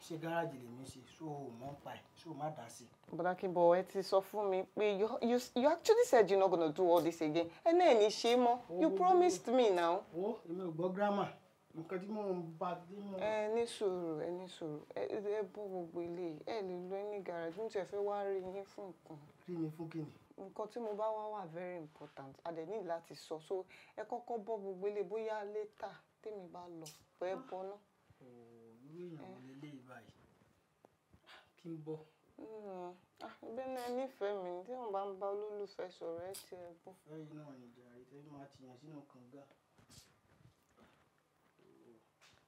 Speaker 2: ṣé gáràjì lèmi ṣe so o mọ̀ ń pa ẹ̀ so o má dá sí. bọ́dà Kínbọ̀ ẹ ti sọ fún mi pé you you you actually said you're not gonna do all this again ẹ náà ní ṣe mọ́ you promised me now. wo èmi ò gbọ́ gírámà nǹkan tí mò ń bá dé mọ́. ẹ ní sùúrù ẹ ní sùúrù ẹ bọ́ gbogbo ilé ẹ lè lọ ní gáràjì nítorí ẹ fẹ́ wá rí yín fún nǹkan. rí mi fún kí ni nǹkan tí mo bá wá wà very important a dẹ̀ need láti sọ so ẹ kọ́kọ́ bọ́ gbogbo ilé bóyá létà tèmi bá lọ pé ẹ bọ́ náà. òòlù èèyàn wọlé lé ìbáyìí kí n bọ́. Hmm. Ah, bẹ́ẹ̀ ni nífẹ̀ẹ́ mi tí wọ́n bá ń bá olólùfẹ́ sọ̀rọ̀ ẹ ti ẹ bọ́. lẹ́yìn náà ni ìjà àríṣẹ́ máa ti yàn sínú kànga.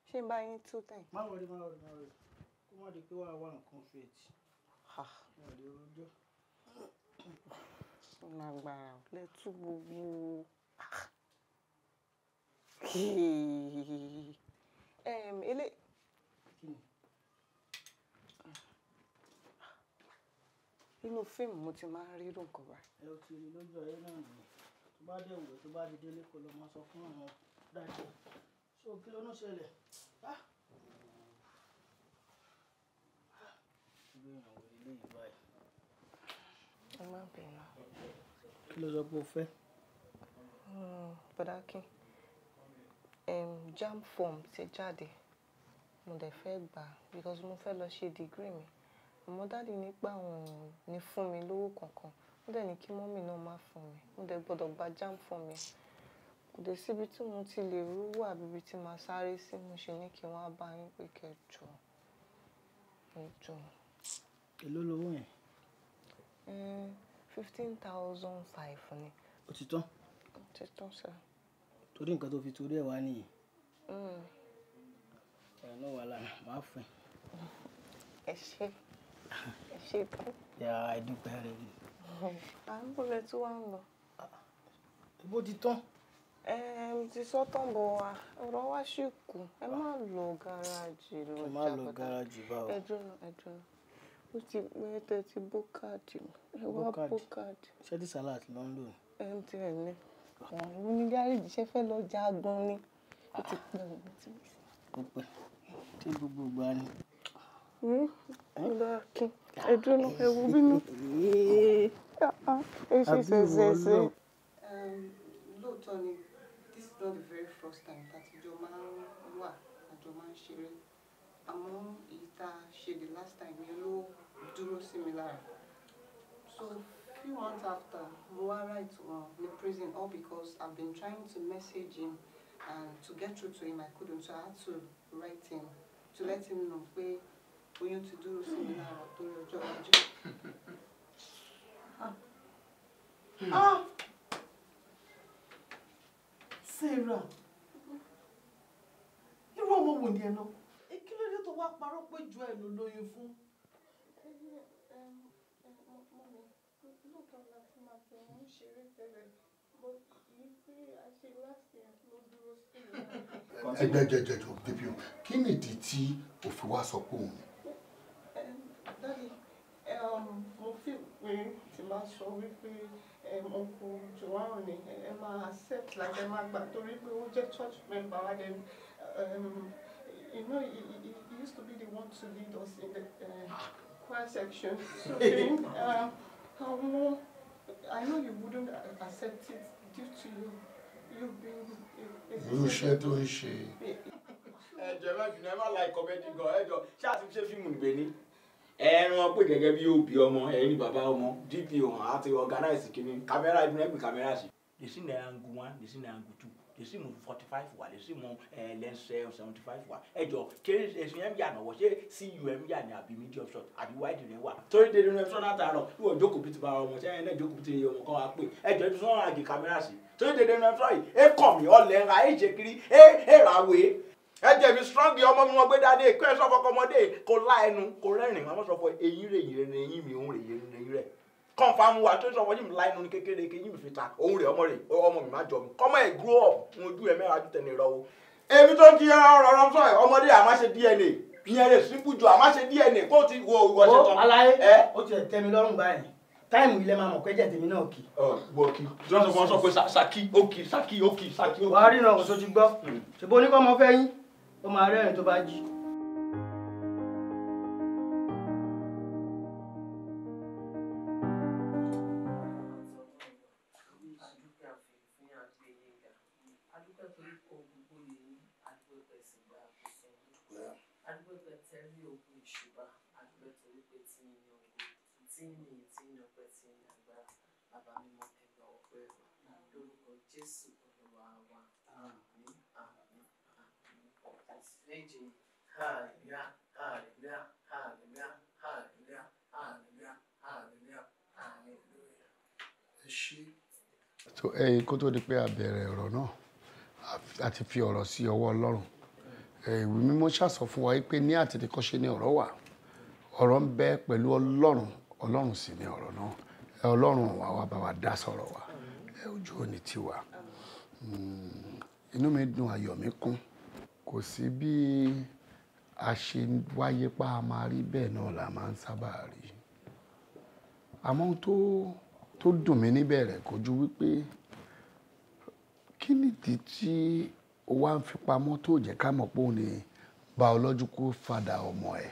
Speaker 2: ṣé n bá yín tú tẹ̀. má wọlé má wọlé má wọlé kó má di pé wàá wá nǹkan fèètì. ọ̀dẹ̀ ọjọ́ lágbára ò lè tú gbogbo ehm, ele. inú fíìmù mo ti máa ń rí irú nǹkan báyìí. ẹ ò ti
Speaker 1: rí lójú ayé náà nìyẹn tó bá dé òwe tó bá di délé kó lọ máa sọ fún àwọn dájú so kí ló ń ṣẹlẹ̀ ah. ìgbéyàwó ilé yìí
Speaker 2: ẹ má bínú. kí ló sọ pé o fẹ́? Hmm, bọ́dákì JAMB form ti jáde mo dẹ̀ fẹ́ gbà because mo fẹ́ lọ ṣe degree mi àmọ́ dáàdi nípa àwọn ní fún mi lówó kankan mo dẹ̀ ní kí mọ́mì náà má fún mi mo dẹ̀ gbọ́dọ̀ gba JAMB form mi kò dé síbi tí mo ti lè rówó àbíbi tí màá sáré sí mo ṣe ní kí wọ́n á bá yín pé kẹjọ
Speaker 1: èló lowó yẹn.
Speaker 2: Mm, fifteen thousand five ni. o ti tán. ó ti tán sá.
Speaker 1: torí nǹkan tó fi torí ẹ̀ wá nìyí.
Speaker 2: ẹ̀ náà wà lára màá fún ẹ. ẹ ṣe ẹ ṣe tán.
Speaker 1: yà á dúpẹ́ rẹ ni.
Speaker 2: à ń bọ̀ rẹ tí wàá ń lọ. bó ah, ti tán. ẹ ti sọ tán bọ̀ wá ọ̀rọ̀ wá ṣì kù ẹ má ah. lọ gáràjì lọ jàpátá ẹ dúró ẹ dúró ó ti mẹ́tẹ̀ ti bó káàdì ẹ wá
Speaker 1: salad ló ń ní.
Speaker 2: mtn ní àwọn ṣe fẹ́ lọ já ni ó ti pẹ́ òun ti bí.
Speaker 1: ó pẹ́ tí gbogbo gbà ni.
Speaker 2: ọlọ́ọ̀kì hmm? ẹ̀dùnú ẹ̀wù bínú. ẹ ṣe ṣẹṣẹṣẹ. lóòótọ́ ni this is not the very first time tàti máa ń wà àjọ máa ń ṣeré àmọ́ èyí tá a ṣe the last time yẹn ló dúró sí mi lára so few months after mo wá write wọn ní prison all because I've been trying to message him and to get through to him I couldn't so I had to write him to let him know pé oyún ti dúró sí mi lára torí ọjọ́ iwájú. Ah. Hmm. Ah! Sarah
Speaker 1: irú ọmọ wò ni ẹ lọ? Èkí ló dé tó wá parọ́ pé ju ẹ̀ ló lóyún fún?
Speaker 2: tó ń ṣeré tẹ́lẹ̀ but èyí tí a ṣe last year ló dúró sí i.
Speaker 1: ẹgbẹ́ jẹjẹ tó débi o kí nìdí tí o fi sọ pé òun.
Speaker 2: dáàdi mo fi pé tí máa sọ wípé ọkọ joao ni ẹ máa accept like ẹ máa gbà torí pé ó jẹ́ church member wa then you know he, he, he used to be the one to lead us in the uh, choir section so then àwọn. Uh, I know you wouldn't accept it due to you you being a. irú iṣẹ́ tó ń
Speaker 3: ṣe.
Speaker 1: ẹjọ ẹ má bínú ẹ má la ìkọ́mẹ́dì gan ẹran pé gẹ́gẹ́ bí òbí ọmọ ẹ̀yin bàbá ọmọ dp ọ̀hún àti organize kìíní kámẹ́rà ìdúná kámẹ́rà sí. the scene na angle one the scene na angle two lẹ́sìmù forty five wà lẹ́sìmù eh, lẹ́nsẹ̀ seventy five wà ẹ jọ ṣé èsì yẹn ń yà náwó ṣé cum yà ní àbí medium short àbí wide rẹ wà. torí de nínú ẹ̀fọ́ náà tààrọ̀ ìwọ ìjókòó bíi ti bá ọmọ sẹ́yìn náà ìjókòó bíi ti ọmọ kan wá pè ẹ jọ ibi tí wọ́n rà jì kámẹ́rà sí torí de nínú ẹ̀fọ́ yìí ẹ kàn mí ọ̀lẹ́ ra ẹ jẹ kiri ẹ ẹ rà wé ẹ jẹbi strong ọmọ mi wọn gbé dáadé kí ẹ sọ fọkọ ọmọdé kò lá ẹnu kò rẹ́rìn-ín wọn sọ fọ eyín rèyìn rẹ confam wa tó sọ wọn yìí láì nínú kékeré kí yìí fi ta òun rẹ ọmọ rẹ ọmọ mi má jọ mi kọ́mọ ẹ̀ grow up ń ojú ẹ̀ mẹ́wàá ju tẹ̀lé rọ o. èmi tó kí ọ̀rọ̀ ọ̀rọ̀ sọ ẹ ọmọdé àmá ṣe DNA ìyẹn rẹ síbù jù àmá ṣe DNA kó o ti wo ìwọ ṣe tán. alaye o ti tẹ́ mi lọ́rùn báyìí táìmù ilẹ̀ máa mọ̀ pé jẹ̀ tèmi náà kì. gbọ́ kí jọ́sọ̀ fún ọ sọ pé saki ó kì saki ó kì saki ó kì. wàá rí ìrànwọ́ tó ti gbọ́ hmm. ṣùgbọ́n oníkọ́ ọmọ fẹ́ yín ó máa rẹ́rìn tó bá jí. So, ìyìn tí ní ọpẹ́ tí ní agbára bàbá mímọ́ ẹgbà ọpẹ́ wa lórúkọ jésù olúwa wa àmín ẹyin kó tó di pé a bẹ̀rẹ̀ ọ̀rọ̀ náà a ti fi ọ̀rọ̀ sí ọwọ́ ọlọ́run ìwé mímọ́ ṣàsọ fún wa pé ní àtètèkọ́ṣe ni ọ̀rọ̀ wà ọ̀rọ̀ ń bẹ pẹ̀lú ọlọ́run ọlọ́run sì ni ọ̀rọ̀ náà ọlọ́run wa wá bá wa dá sọ̀rọ̀ wa ẹ ojú òní tiwa hmm, inú mi dùn ayọ̀ mi kún kò sí bí a ṣe wáyé pa a máa rí bẹ́ẹ̀ náà la máa ń sábà rí àmọ́ tó tó dùn mí níbẹ̀rẹ̀ kò ju wípé kí nìdí tí o wá ń fi pamọ́ tó jẹ́ ká mọ̀ pé òun ni biological father ọmọ ẹ̀.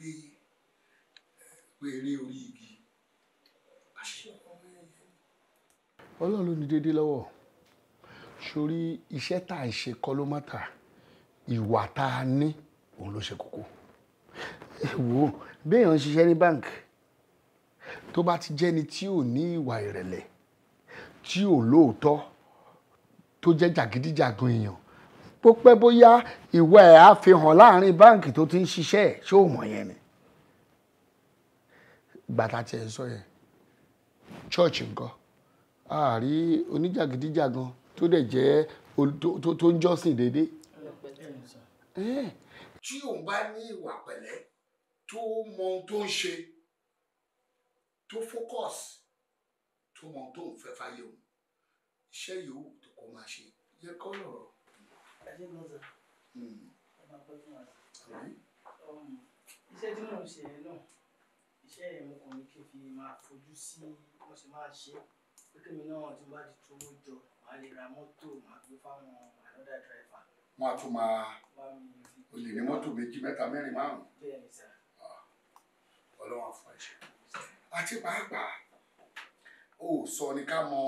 Speaker 1: pé pé eh, eré orí igi ọlọ́run ló ní déédéé lọ́wọ́ sórí iṣẹ́ tá à ń ṣe kọ́ ló má ta ìwà tá a ní òun ló ṣe kókó ẹ wò ó béèyàn ń ṣiṣẹ́ ní báǹkì tó bá ti jẹ́ni tí ò ní ìwà ìrẹ̀lẹ̀ tí ò lóòótọ́ tó jẹ́ jàgídíjàgan èèyàn bó pẹ́ bóyá ìwé ẹ̀ á fi hàn láàrin báǹkì tó ti ń ṣiṣẹ́ ẹ̀ ṣé mọ̀ yẹn ni gbàtà tiẹ̀ sọ yẹn chọ́ọ̀chì nǹkan àárí oníjàgídíjàgan tó dẹ̀ jẹ́ tó ń jọ́sìn déédéé. tí òun bá ní ìwà pẹ̀lẹ́ tó mọ ohun tó ń ṣe tó fókọ̀s tó mọ ohun tó ń fẹ́ fáyé òun iṣẹ́ yòówù tó kọ́ máa ṣe yẹ kọ́ lọ́rọ̀ ṣe ń lọ́sà iṣẹ́ tí mò ń ṣe náà iṣẹ́ ẹ̀mú kan ní kí n fi máa fojú sí wọ́n ṣe máa ṣe pé kí mi náà tí mo bá ti tówó jọ màá lè ra mọ́tò màá gbé fáwọn another driver. wọn á tún máa o lè ní mọ́tò méjì mẹ́ta mẹ́rin márùn-ún. ọlọ́wọ́n àfọ̀n ẹ̀ṣẹ̀ àti pàápàá o sọ ni ká mọ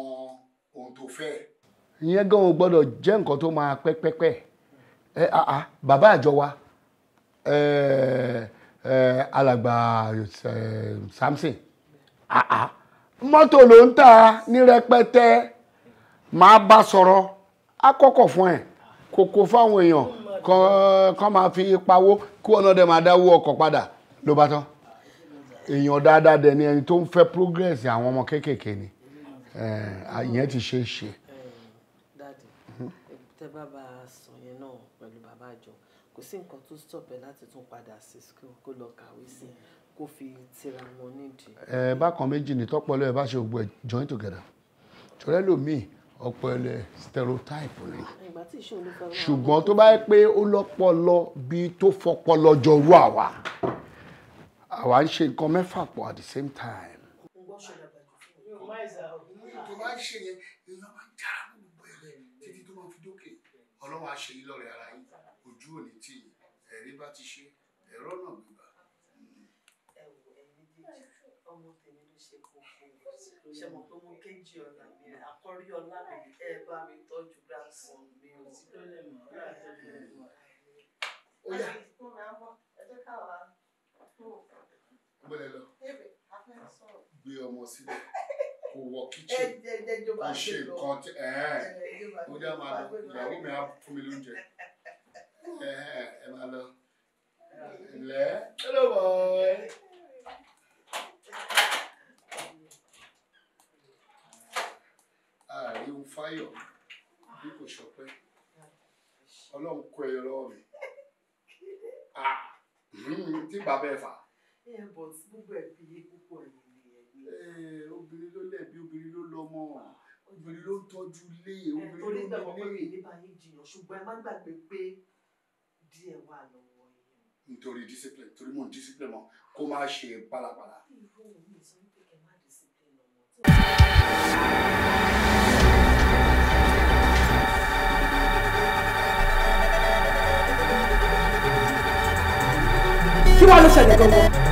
Speaker 1: ohun tó fẹ́ ìyẹn gan ò gbọ́dọ̀ jẹ́ nǹkan tó máa pẹ́ pẹ́pẹ́ ẹ àá bàbá àjọ wa alàgbà Samson àá mọ́tò ló ń tà ní rẹpẹtẹ máa bá sọ̀rọ̀ á kọ́kọ́ fún ẹ̀ kókó fáwọn èèyàn kan máa fi pawó kí wọn náà dẹ̀ máa dáwó ọkọ̀ padà ló bá tán èèyàn dáadáa dẹ̀ ni ẹni tó ń fẹ́ progress àwọn ọmọ kéékèèké ni ìyẹn ti ṣe é ṣe tẹ bá bá a sùn yẹn náà pẹ̀lú bàbá àjọ kò sí nǹkan tó stop ẹ láti tún padà sí school kó lọ kàwé sí mm. kó fi tira wọn nídìí. ẹ bákan méjì ní tọpọlọ ẹ bá ṣe gbogbo ẹ join together ṣọlẹ lomiin ọpọlọ stereotype ni ṣùgbọ́n tó bá yẹ pé ó lọ́pọlọ bí tó fọpọlọ jọrú àwa àwa ń ṣe nǹkan mẹ́fà pọ̀ at the same time. ọlọ́wọ́ àṣeyí lọ́rẹ̀ ara yín ojú òní tì yín ẹ̀rí bá ti ṣe ẹ̀rọ náà gbígbà.
Speaker 2: ẹ wo ẹ méjèèjì ọmọ tèmi ló ṣe kókó ṣe mọ̀ pé mo kéjì ọ̀la mi àkọ́rí ọ̀la mi ẹ bá mi tọ́jú grandson mi ò sí tó lè mọ̀ ọ́ láti ọ̀dọ̀ ẹ̀ wá. ó yá
Speaker 1: gbọ́dọ̀ lọ gbé ọmọ sílẹ̀ kò wọ kitchen kò ṣe nǹkan tí ẹ ẹ ó yá máa lọ ìyàwó mi á fún mi lóúnjẹ ẹ ẹ máa lọ ilẹ̀ hello
Speaker 4: boy.
Speaker 1: ààrẹ ohun fáyọ bí kò ṣọpẹ́ Ọlọ́run kó ẹyọ lọ́wọ́ mi hmm, tí bàbá ẹ fà. ẹ bọ̀ sí gbogbo ẹ̀ fi yé púpọ̀ yìí. Eh, obìnrin ló lẹ̀bi obìnrin ló lọ́mọ obìnrin ló ń tọ́jú ilé eh, obìnrin ló ń lé. nípa yín jiyàn ṣùgbọ́n ẹ má gbàgbé pé díẹ̀ wà lọ́wọ́ yín. nítorí discipline torí mò ń discipline mọ́ kó má ṣe pálapàla. ìfowó mi sọ pé kẹ má
Speaker 4: discipline ọmọ
Speaker 1: tí. kí wàá ló ṣẹlẹ̀ gangan.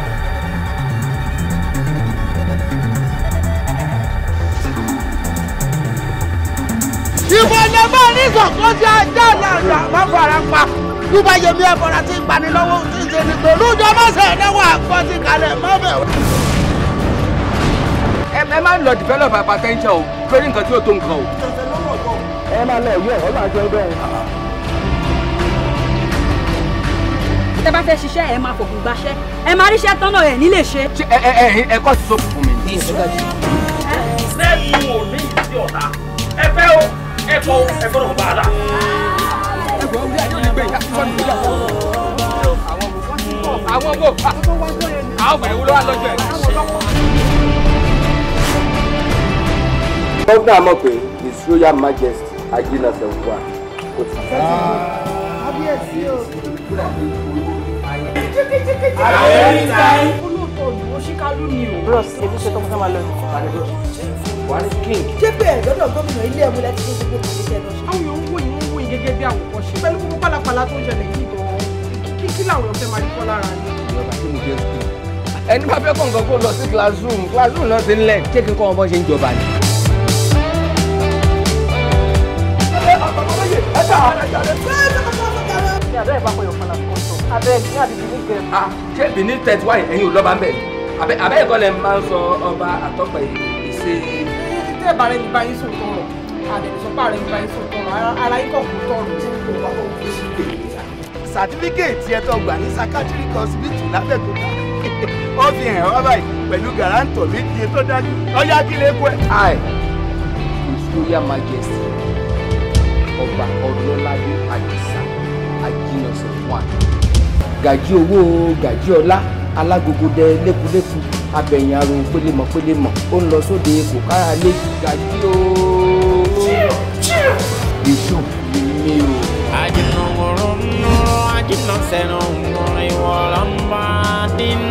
Speaker 3: ìwọ lè mọ oníkọ̀ọ́kọ́ tí a já làǹdà
Speaker 1: fara pa tó bá yẹ mí ẹ fara lọ́wọ́ tí ṣe ni pẹ̀lú ìjọ mọ́sẹ̀ ẹ̀dẹ́wọ̀ àpọ̀ kalẹ̀ mọ́ bẹ̀. ẹ máa ń lọ develop hypertension o lórí nǹkan tí ó tó nǹkan o. ẹ máa lọ ìwé ọ̀rọ̀ láti ọdún ọ̀hún. tẹ bá fẹ́ ṣiṣẹ́ ẹ máa fògùn gbaṣẹ́ ẹ máa ríṣẹ́ tán náà ẹ ní ṣe. ẹ ẹ ẹ kọ́ sí sóòpù fún mi. ní ìṣúgà ṣé mo ní ìdí ọ̀tá ẹ fẹ́ o ẹ̀kọ́ ẹ̀kọ́ náà bá a la. ẹ̀kọ́ orí adé olè gbé ìyá fọ́ọ̀nù ìyá fọ́ọ̀nù. àwọn wo àwọn bẹ̀rẹ̀ wo ló wà lọ́jọ́ ẹ̀. gọ́gùn àmọ́ pé his royal majesty ajínà sẹ̀wá kò ti tẹ̀ ẹ́.
Speaker 5: ara
Speaker 2: ẹni ta ẹ. olóòótọ́ òdùwọ́ ṣíkálú ni o. bros ebi ṣe tó ń fẹ́ máa lọ buhari king.
Speaker 1: jẹ́ pé ẹ̀dọ́dọ̀ gómìnà ilé ẹ̀mú láti ṣe gbogbo pàdé tẹ́ lọ ṣe. àwọn èèyàn ń wò yín ń wò yín gẹ́gẹ́ bí àwòkọ́ṣe pẹ̀lú gbogbo
Speaker 2: pálapàla tó ń ṣẹlẹ̀ yìí gan-an kí kí làwọn ọ̀fẹ́ máa kọ́ lára ni.
Speaker 1: ẹni bá fẹ́ kọ̀ǹkan kó lọ sí classroom classroom náà ti ń lẹ̀ ṣé kí n kọ́ wọn bọ́ ṣe ń jọba ni. ṣé benin tẹ̀síwáyé ẹ̀yin ò lọ́ba ń bẹ̀ àbẹ́ ẹ̀kọ́ lẹ̀ máa ń sọ ọba àtọ́pẹ̀ ìṣe
Speaker 2: tẹ́ bá ní báyìí sùn tọrọ àdẹ̀nìsọ́pá rẹ ní báyìí sùn tọrọ ara yín tọrọ tí kò wá kó kó
Speaker 1: sí pé. sàtífíkẹ́ẹ̀tì ẹ̀tọ́ gbà ní psychiatric hospital lábẹ́kúta ó fi hàn wá báyìí pẹ̀lú gàrántọ̀ méje tó dájú ọjà kílẹ̀ kú ẹ̀. i his royal ọba ọlọ́ládé àdìsá
Speaker 2: àjìyànsọ one
Speaker 1: gàjí owó gàjí ọlá alágogo dẹ abẹ̀yìn arò pélémọ̀ pélémọ̀ ó ń lọ sóde kò kára lé gíga yí o. èso mi ni o. àjìnà wọ̀rọ̀ ń rọ àjìnà sẹ́nu ń rọ ìwọ̀rọ̀ ń bá dín.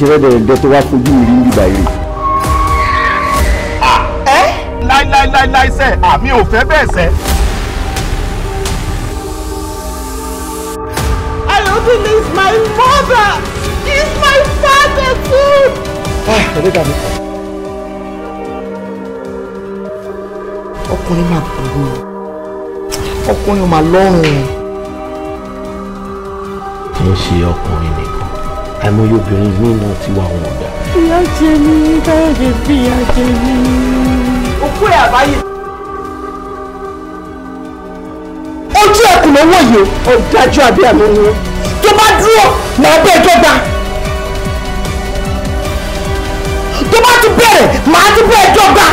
Speaker 3: ṣe rẹ́dẹ̀rẹ́dẹ́ tó
Speaker 1: wá fojú mi rí ń bíbá ire. Ah, eh? ẹ láíláíláí sẹ àmì ah, ò fẹ́ bẹ́ẹ̀ sẹ.
Speaker 2: Alodun is my mother he is my father too.
Speaker 1: Ah, ẹlẹ́dàá mi kọ́. ọkùnrin máa kúrò ọkùnrin máa lọ́rùn. kì ṣe ọkùnrin nìkan àìmọye obìnrin mi náà ti wá àwọn ọ̀dà. ìyá
Speaker 2: jẹ mí káyọ̀dé bí ìyá jẹ mí.
Speaker 1: òkú ẹ̀ àbáyé. ojú ẹkùn ló wòye ọ̀dájú àbí àmì ni tó bá dúró màá bẹ́ ẹjọ́ gbà tó bá tún bẹ̀rẹ̀ màá tún bẹ́ ẹjọ́ gbà.